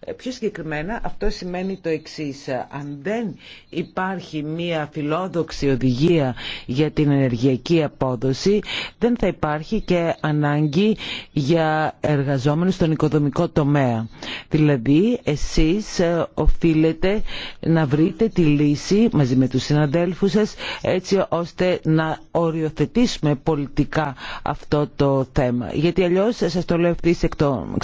Ε, πιο συγκεκριμένα αυτό σημαίνει το εξή. Αν δεν υπάρχει μία φιλόδοξη οδηγία για την ενεργειακή απόδοση, δεν θα υπάρχει και ανάγκη για εργαζόμενους στον οικοδομικό τομέα. Δηλαδή εσείς ε, οφείλετε να βρείτε τη λύση μαζί με τους συναδέλφους σας έτσι ώστε να οριοθετήσουμε πολιτικά αυτό το θέμα. Γιατί αλλιώς σας το λέω ευθύς εκ των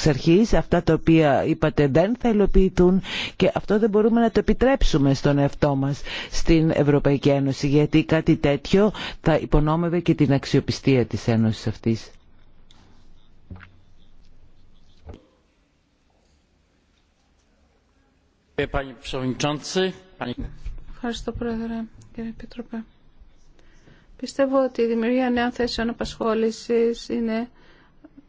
αυτά τα οποία είπατε δεν θα υλοποιηθούν και αυτό δεν μπορούμε να το επιτρέψουμε στον εαυτό μας στην Ευρωπαϊκή Ένωση γιατί κάτι τέτοιο θα υπονόμευε και την αξιοπιστία της Ένωσης αυτής. Ευχαριστώ, Πρόεδρε, κύριε Επίτροπε. Πιστεύω ότι η δημιουργία νέων θέσεων απασχόληση είναι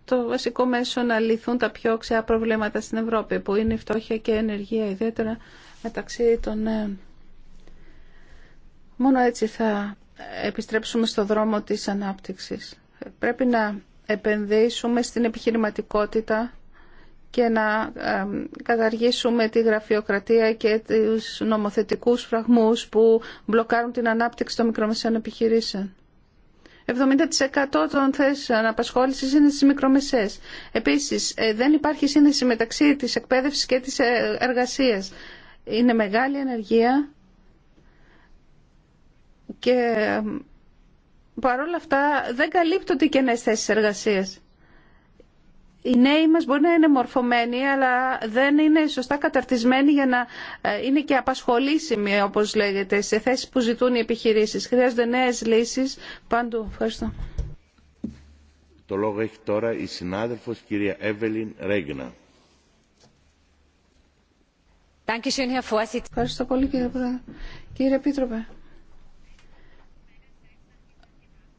το βασικό μέσο να λυθούν τα πιο ξεά προβλήματα στην Ευρώπη, που είναι η φτώχεια και η ενεργεία, ιδιαίτερα μεταξύ των νέων. Ε, μόνο έτσι θα επιστρέψουμε στο δρόμο της ανάπτυξης. Πρέπει να επενδύσουμε στην επιχειρηματικότητα και να καταργήσουμε τη γραφειοκρατία και τους νομοθετικούς φραγμούς που μπλοκάρουν την ανάπτυξη των μικρομεσαίων επιχειρήσεων. 70% των θέσεων απασχόληση είναι στις μικρομεσαίες. Επίσης, ε, δεν υπάρχει σύνδεση μεταξύ της εκπαίδευσης και της ε, εργασίας. Είναι μεγάλη ενεργία και παρόλα αυτά δεν καλύπτονται και νέες θέσεις εργασίας οι νέοι μας μπορεί να είναι μορφωμένοι, αλλά δεν είναι σωστά καταρτισμένοι για να ε, είναι και απασχολήσιμοι, όπως λέγεται, σε θέσεις που ζητούν οι επιχειρήσεις. Χρειάζονται νέες λύσεις παντού. Ευχαριστώ. Το λόγο έχει τώρα η συνάδελφος κυρία Εύελιν Ρέγνα. Ευχαριστώ πολύ κύριε Πρόεδρε. Κύριε Επίτροπε.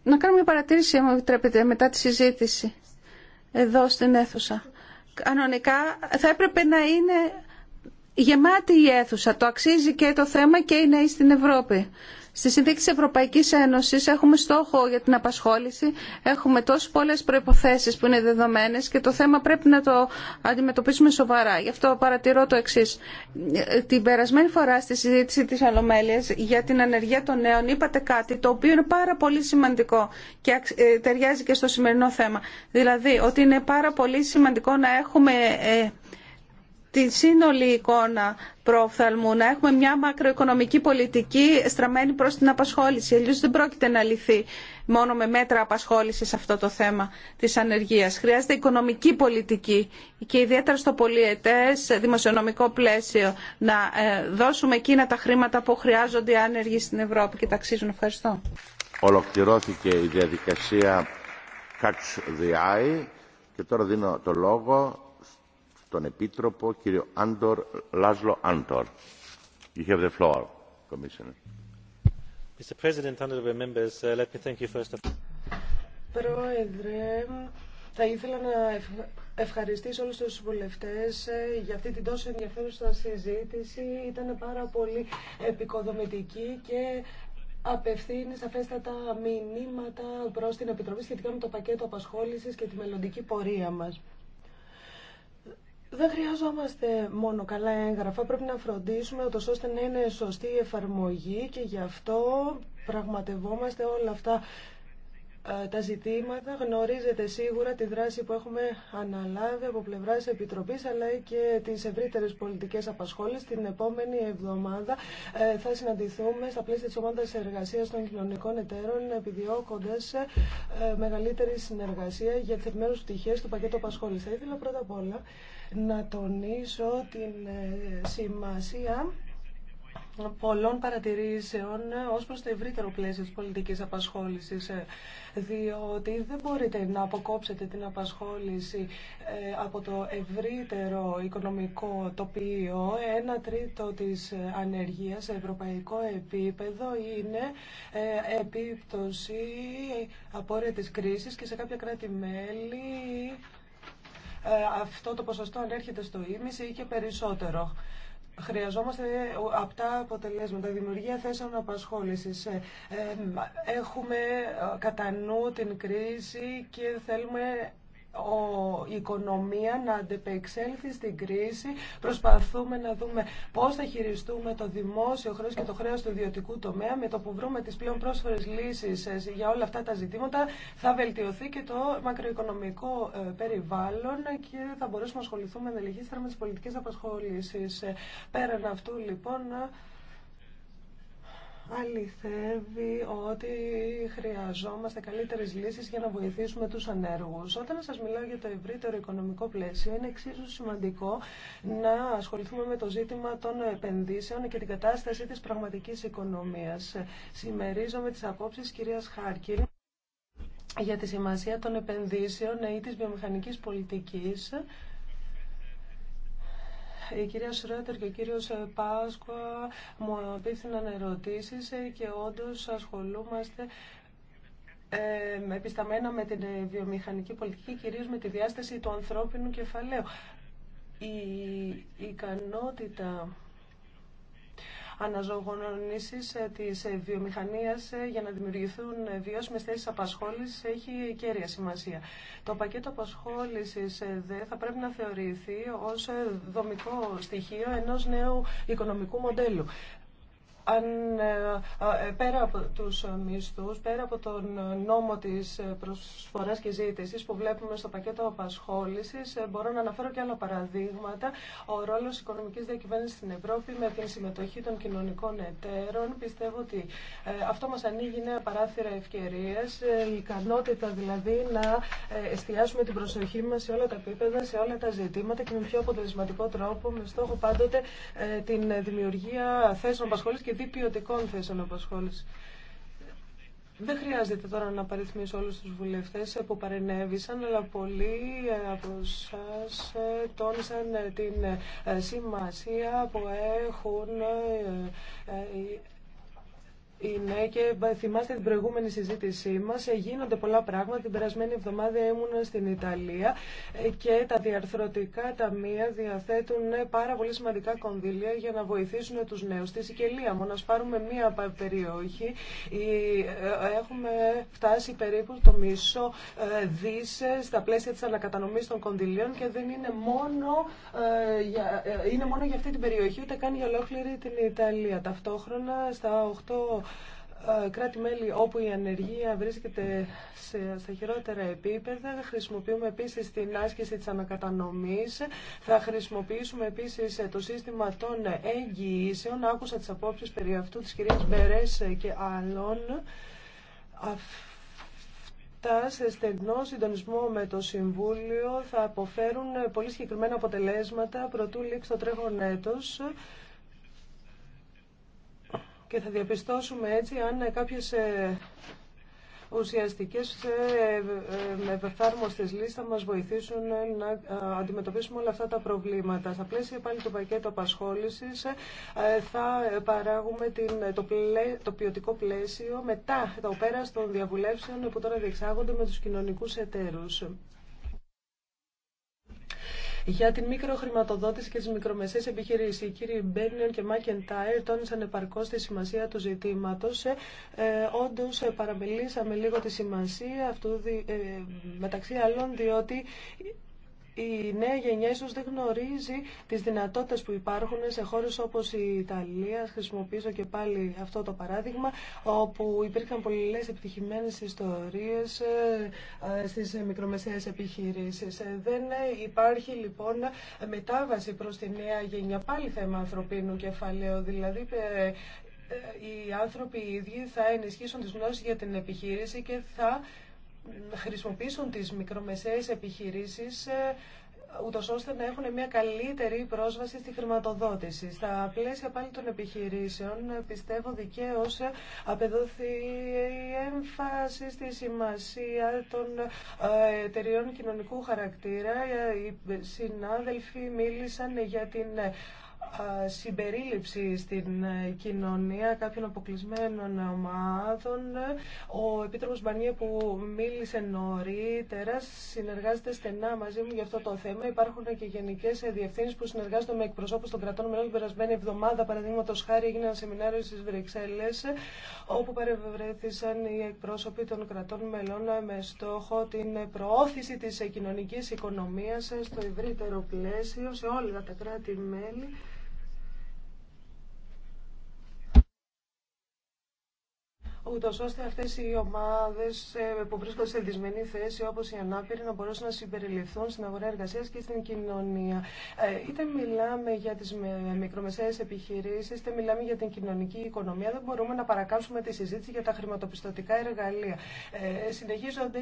Να κάνω μια παρατήρηση, αν επιτρέπετε, μετά τη συζήτηση εδώ στην αίθουσα. Κανονικά θα έπρεπε να είναι γεμάτη η αίθουσα. Το αξίζει και το θέμα και είναι νέοι στην Ευρώπη. Στη συνθήκη τη Ευρωπαϊκής Ένωση έχουμε στόχο για την απασχόληση, έχουμε τόσε πολλές προποθέσει που είναι δεδομένες και το θέμα πρέπει να το αντιμετωπίσουμε σοβαρά. Γι' αυτό παρατηρώ το εξή. Την περασμένη φορά στη συζήτηση τη Αλομέλειας για την ανεργία των νέων είπατε κάτι το οποίο είναι πάρα πολύ σημαντικό και ε, ταιριάζει και στο σημερινό θέμα. Δηλαδή ότι είναι πάρα πολύ σημαντικό να έχουμε ε, την σύνολη εικόνα προφθαλμού να έχουμε μια μακροοικονομική πολιτική στραμμένη προς την απασχόληση. Αλλιώς δεν πρόκειται να λυθεί μόνο με μέτρα απασχόλησης αυτό το θέμα της ανεργίας. Χρειάζεται οικονομική πολιτική και ιδιαίτερα στο πολιετές δημοσιονομικό πλαίσιο να ε, δώσουμε εκείνα τα χρήματα που χρειάζονται οι άνεργοι στην Ευρώπη και αξίζουν. Ευχαριστώ. Ολοκληρώθηκε η διαδικασία Catch the Eye και τώρα δίνω το λόγο τον Επίτροπο κύριο Άντορ Λάσλο Άντορ. You Πρόεδρε, θα ήθελα να ευχαριστήσω όλους τους βουλευτές ε, για αυτή την τόσο ενδιαφέρουσα συζήτηση. Ήταν πάρα πολύ επικοδομητική και απευθύνει σαφέστατα μηνύματα προς την Επιτροπή σχετικά με το πακέτο απασχόλησης και τη μελλοντική πορεία μας. Δεν χρειαζόμαστε μόνο καλά έγγραφα, πρέπει να φροντίσουμε ούτως ώστε να είναι σωστή η εφαρμογή και γι' αυτό πραγματευόμαστε όλα αυτά ε, τα ζητήματα. Γνωρίζετε σίγουρα τη δράση που έχουμε αναλάβει από πλευρά τη Επιτροπή αλλά και τι ευρύτερε πολιτικέ απασχόλεις. Την επόμενη εβδομάδα ε, θα συναντηθούμε στα πλαίσια τη ομάδα εργασία των κοινωνικών εταίρων, επιδιώκοντα ε, μεγαλύτερη συνεργασία για τι επιμέρου πτυχέ του πακέτου απασχόληση. Θα ήθελα πρώτα απ' όλα να τονίσω την ε, σημασία πολλών παρατηρήσεων ως προς το ευρύτερο πλαίσιο της πολιτικής απασχόλησης ε, διότι δεν μπορείτε να αποκόψετε την απασχόληση ε, από το ευρύτερο οικονομικό τοπίο. Ένα τρίτο της ανεργίας σε ευρωπαϊκό επίπεδο είναι επίπτωση απόρρια της κρίσης και σε κάποια κράτη-μέλη ε, αυτό το ποσοστό ανέρχεται στο ίμιση ή και περισσότερο. Χρειαζόμαστε αυτά αποτελέσματα, δημιουργία θέσεων απασχόλησης. Ε, ε, έχουμε κατά νου την κρίση και θέλουμε η οικονομία να αντεπεξέλθει στην κρίση. Προσπαθούμε να δούμε πώς θα χειριστούμε το δημόσιο χρέο και το χρέο του ιδιωτικού τομέα. Με το που βρούμε τις πλέον πρόσφορες λύσεις ε, για όλα αυτά τα ζητήματα θα βελτιωθεί και το μακροοικονομικό ε, περιβάλλον και θα μπορέσουμε να ασχοληθούμε ενεργείστερα με τις πολιτικές απασχόλησεις. Ε, πέραν αυτού λοιπόν αληθεύει ότι χρειαζόμαστε καλύτερες λύσεις για να βοηθήσουμε τους ανέργους. Όταν σας μιλάω για το ευρύτερο οικονομικό πλαίσιο, είναι εξίσου σημαντικό να ασχοληθούμε με το ζήτημα των επενδύσεων και την κατάσταση της πραγματικής οικονομίας. Συμμερίζομαι τις απόψει κυρίας Χάρκιν για τη σημασία των επενδύσεων ή της βιομηχανικής πολιτικής η κυρία Σρέτερ και ο κύριος ε, Πάσκο μου απίθυναν ερωτήσεις ε, και όντως ασχολούμαστε ε, επισταμένα με την ε, βιομηχανική πολιτική, κυρίως με τη διάσταση του ανθρώπινου κεφαλαίου. Η ικανότητα αναζωογονήσει ε, τη ε, βιομηχανία ε, για να δημιουργηθούν βιώσιμε θέσει απασχόλησης έχει κέρια σημασία. Το πακέτο απασχόλησης δε θα πρέπει να θεωρηθεί ως δομικό στοιχείο ενός νέου οικονομικού μοντέλου αν ε, ε, ε, πέρα από τους μισθούς, πέρα από τον νόμο της προσφοράς και ζήτησης που βλέπουμε στο πακέτο απασχόλησης, μπορώ να αναφέρω και άλλα παραδείγματα. Ο ρόλος οικονομικής διακυβέρνησης στην Ευρώπη με την συμμετοχή των κοινωνικών εταίρων. Πιστεύω ότι αυτό μας ανοίγει νέα παράθυρα ευκαιρίες, η ικανότητα δηλαδή να εστιάσουμε την προσοχή μας σε όλα τα επίπεδα, σε όλα τα ζητήματα και με πιο αποτελεσματικό τρόπο, με στόχο πάντοτε την δημιουργία θέσεων απασχόλησης και ποιοτικών θέσεων απασχόληση. Δεν χρειάζεται τώρα να παριθμίσω όλους τους βουλευτές που παρενέβησαν, αλλά πολλοί από σας ε, τόνισαν ε, την ε, σημασία που έχουν είναι και θυμάστε την προηγούμενη συζήτησή μα. Ε, γίνονται πολλά πράγματα. Την περασμένη εβδομάδα ήμουν στην Ιταλία ε, και τα διαρθρωτικά ταμεία διαθέτουν ε, πάρα πολύ σημαντικά κονδύλια για να βοηθήσουν του νέου Στη Σικελία, μόνο να πάρουμε μία περιοχή, έχουμε φτάσει περίπου το μισό δίσε στα πλαίσια τη ανακατανομή των κονδυλίων και δεν είναι μόνο, για, είναι μόνο για αυτή την περιοχή, ούτε καν για ολόκληρη την Ιταλία. Ταυτόχρονα στα 8 ε, κράτη-μέλη όπου η ανεργία βρίσκεται σε, στα χειρότερα επίπεδα. Θα χρησιμοποιούμε επίσης την άσκηση της ανακατανομής. Θα χρησιμοποιήσουμε επίσης ε, το σύστημα των εγγυήσεων. Άκουσα τις απόψεις περί αυτού της κυρίας Μπερές και άλλων. Αυτά σε στεγνό συντονισμό με το Συμβούλιο θα αποφέρουν πολύ συγκεκριμένα αποτελέσματα προτού λήξει το τρέχον έτος και θα διαπιστώσουμε έτσι αν ε, κάποιες ε, ουσιαστικές ευεφάρμοστες ε, λύσεις θα μας βοηθήσουν να αντιμετωπίσουμε όλα αυτά τα προβλήματα. Στα πλαίσια πάλι του πακέτου απασχόλησης θα παράγουμε την, το, το ποιοτικό πλαίσιο μετά το πέρα των διαβουλεύσεων που τώρα διεξάγονται με τους κοινωνικούς εταίρους. Για την μικροχρηματοδότηση και τι μικρομεσαίε επιχειρήσεις, οι κύριοι Μπένιον και Μάκεντάιρ τόνισαν επαρκώ τη σημασία του ζητήματος. Ε, ε όντως, ε, παραμελήσαμε λίγο τη σημασία αυτού, ε, μεταξύ άλλων, διότι η νέα γενιά ίσω δεν γνωρίζει τις δυνατότητες που υπάρχουν σε χώρε όπως η Ιταλία. Χρησιμοποιήσω και πάλι αυτό το παράδειγμα, όπου υπήρχαν πολλές επιτυχημένε ιστορίες ε, ε, στις μικρομεσαίες επιχειρήσεις. Ε, δεν υπάρχει λοιπόν μετάβαση προς τη νέα γενιά. Πάλι θέμα ανθρωπίνου κεφαλαίου, δηλαδή οι άνθρωποι οι ίδιοι θα ενισχύσουν τι γνώσει για την επιχείρηση και θα χρησιμοποιήσουν τις μικρομεσαίες επιχειρήσεις ε, ούτω ώστε να έχουν μια καλύτερη πρόσβαση στη χρηματοδότηση. Στα πλαίσια πάλι των επιχειρήσεων, ε, πιστεύω δικαίω ε, η έμφαση στη σημασία των εταιριών κοινωνικού χαρακτήρα. Οι συνάδελφοι μίλησαν για την συμπερίληψη στην ε, κοινωνία κάποιων αποκλεισμένων ομάδων. Ο Επίτροπος Μπανιέ που μίλησε νωρίτερα συνεργάζεται στενά μαζί μου για αυτό το θέμα. Υπάρχουν και γενικέ διευθύνσει που συνεργάζονται με εκπροσώπου των κρατών μελών. Την περασμένη εβδομάδα, παραδείγματο χάρη, έγινε ένα σεμινάριο στι Βρυξέλλε όπου παρευρέθησαν οι εκπρόσωποι των κρατών μελών με στόχο την προώθηση τη κοινωνική οικονομία στο ευρύτερο πλαίσιο σε όλα τα κράτη-μέλη. ούτω ώστε αυτέ οι ομάδε ε, που βρίσκονται σε δυσμενή θέση όπω οι ανάπηροι να μπορέσουν να συμπεριληφθούν στην αγορά εργασία και στην κοινωνία. Ε, είτε μιλάμε για τι μικρομεσαίες επιχειρήσει, είτε μιλάμε για την κοινωνική οικονομία, δεν μπορούμε να παρακάμψουμε τη συζήτηση για τα χρηματοπιστωτικά εργαλεία. Ε, συνεχίζονται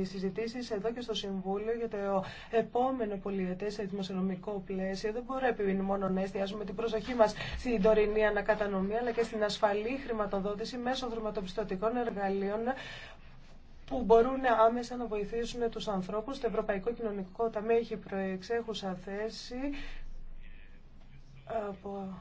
οι συζητήσει εδώ και στο Συμβούλιο για το επόμενο σε δημοσιονομικό πλαίσιο. Δεν μπορεί μόνο να εστιάζουμε την προσοχή μα στην τωρινή ανακατανομία αλλά και στην ασφαλή χρηματοδότηση μέσω χρηματοπιστωτικών εργαλείων που μπορούν άμεσα να βοηθήσουν τους ανθρώπους. Το Ευρωπαϊκό Κοινωνικό Ταμείο έχει προεξέχουσα θέση από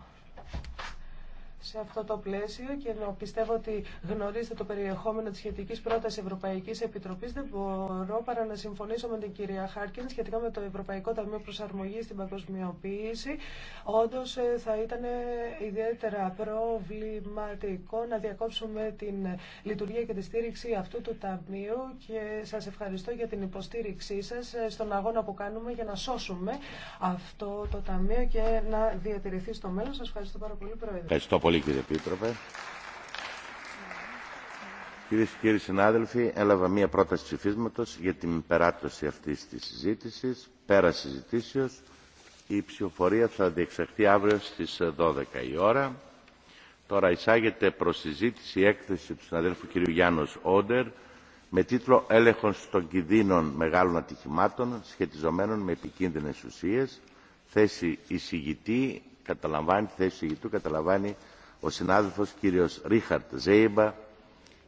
σε αυτό το πλαίσιο και πιστεύω ότι γνωρίζετε το περιεχόμενο της σχετικής πρότασης Ευρωπαϊκής Επιτροπής. Δεν μπορώ παρά να συμφωνήσω με την κυρία Χάρκιν σχετικά με το Ευρωπαϊκό Ταμείο Προσαρμογής στην Παγκοσμιοποίηση. Όντως ε, θα ήταν ιδιαίτερα προβληματικό να διακόψουμε την λειτουργία και τη στήριξη αυτού του ταμείου και σας ευχαριστώ για την υποστήριξή σας ε, στον αγώνα που κάνουμε για να σώσουμε αυτό το ταμείο και να διατηρηθεί στο μέλλον. Σας ευχαριστώ πάρα πολύ, Πρόεδρε πολύ κύριε Επίτροπε. Κυρίε και κύριοι συνάδελφοι, έλαβα μία πρόταση ψηφίσματο για την περάτωση αυτή τη συζήτηση. Πέρα συζητήσεω, η ψηφοφορία θα διεξαχθεί αύριο στι 12 η ώρα. Τώρα εισάγεται προ συζήτηση η έκθεση του συναδέλφου κ. Γιάννο Όντερ με τίτλο Έλεγχο των κινδύνων μεγάλων ατυχημάτων σχετιζομένων με επικίνδυνε ουσίε. Θέση εισηγητή, καταλαμβάνει, θέση εισηγητού καταλαμβάνει ο συνάδελφος κύριος Ρίχαρτ Ζέιμπα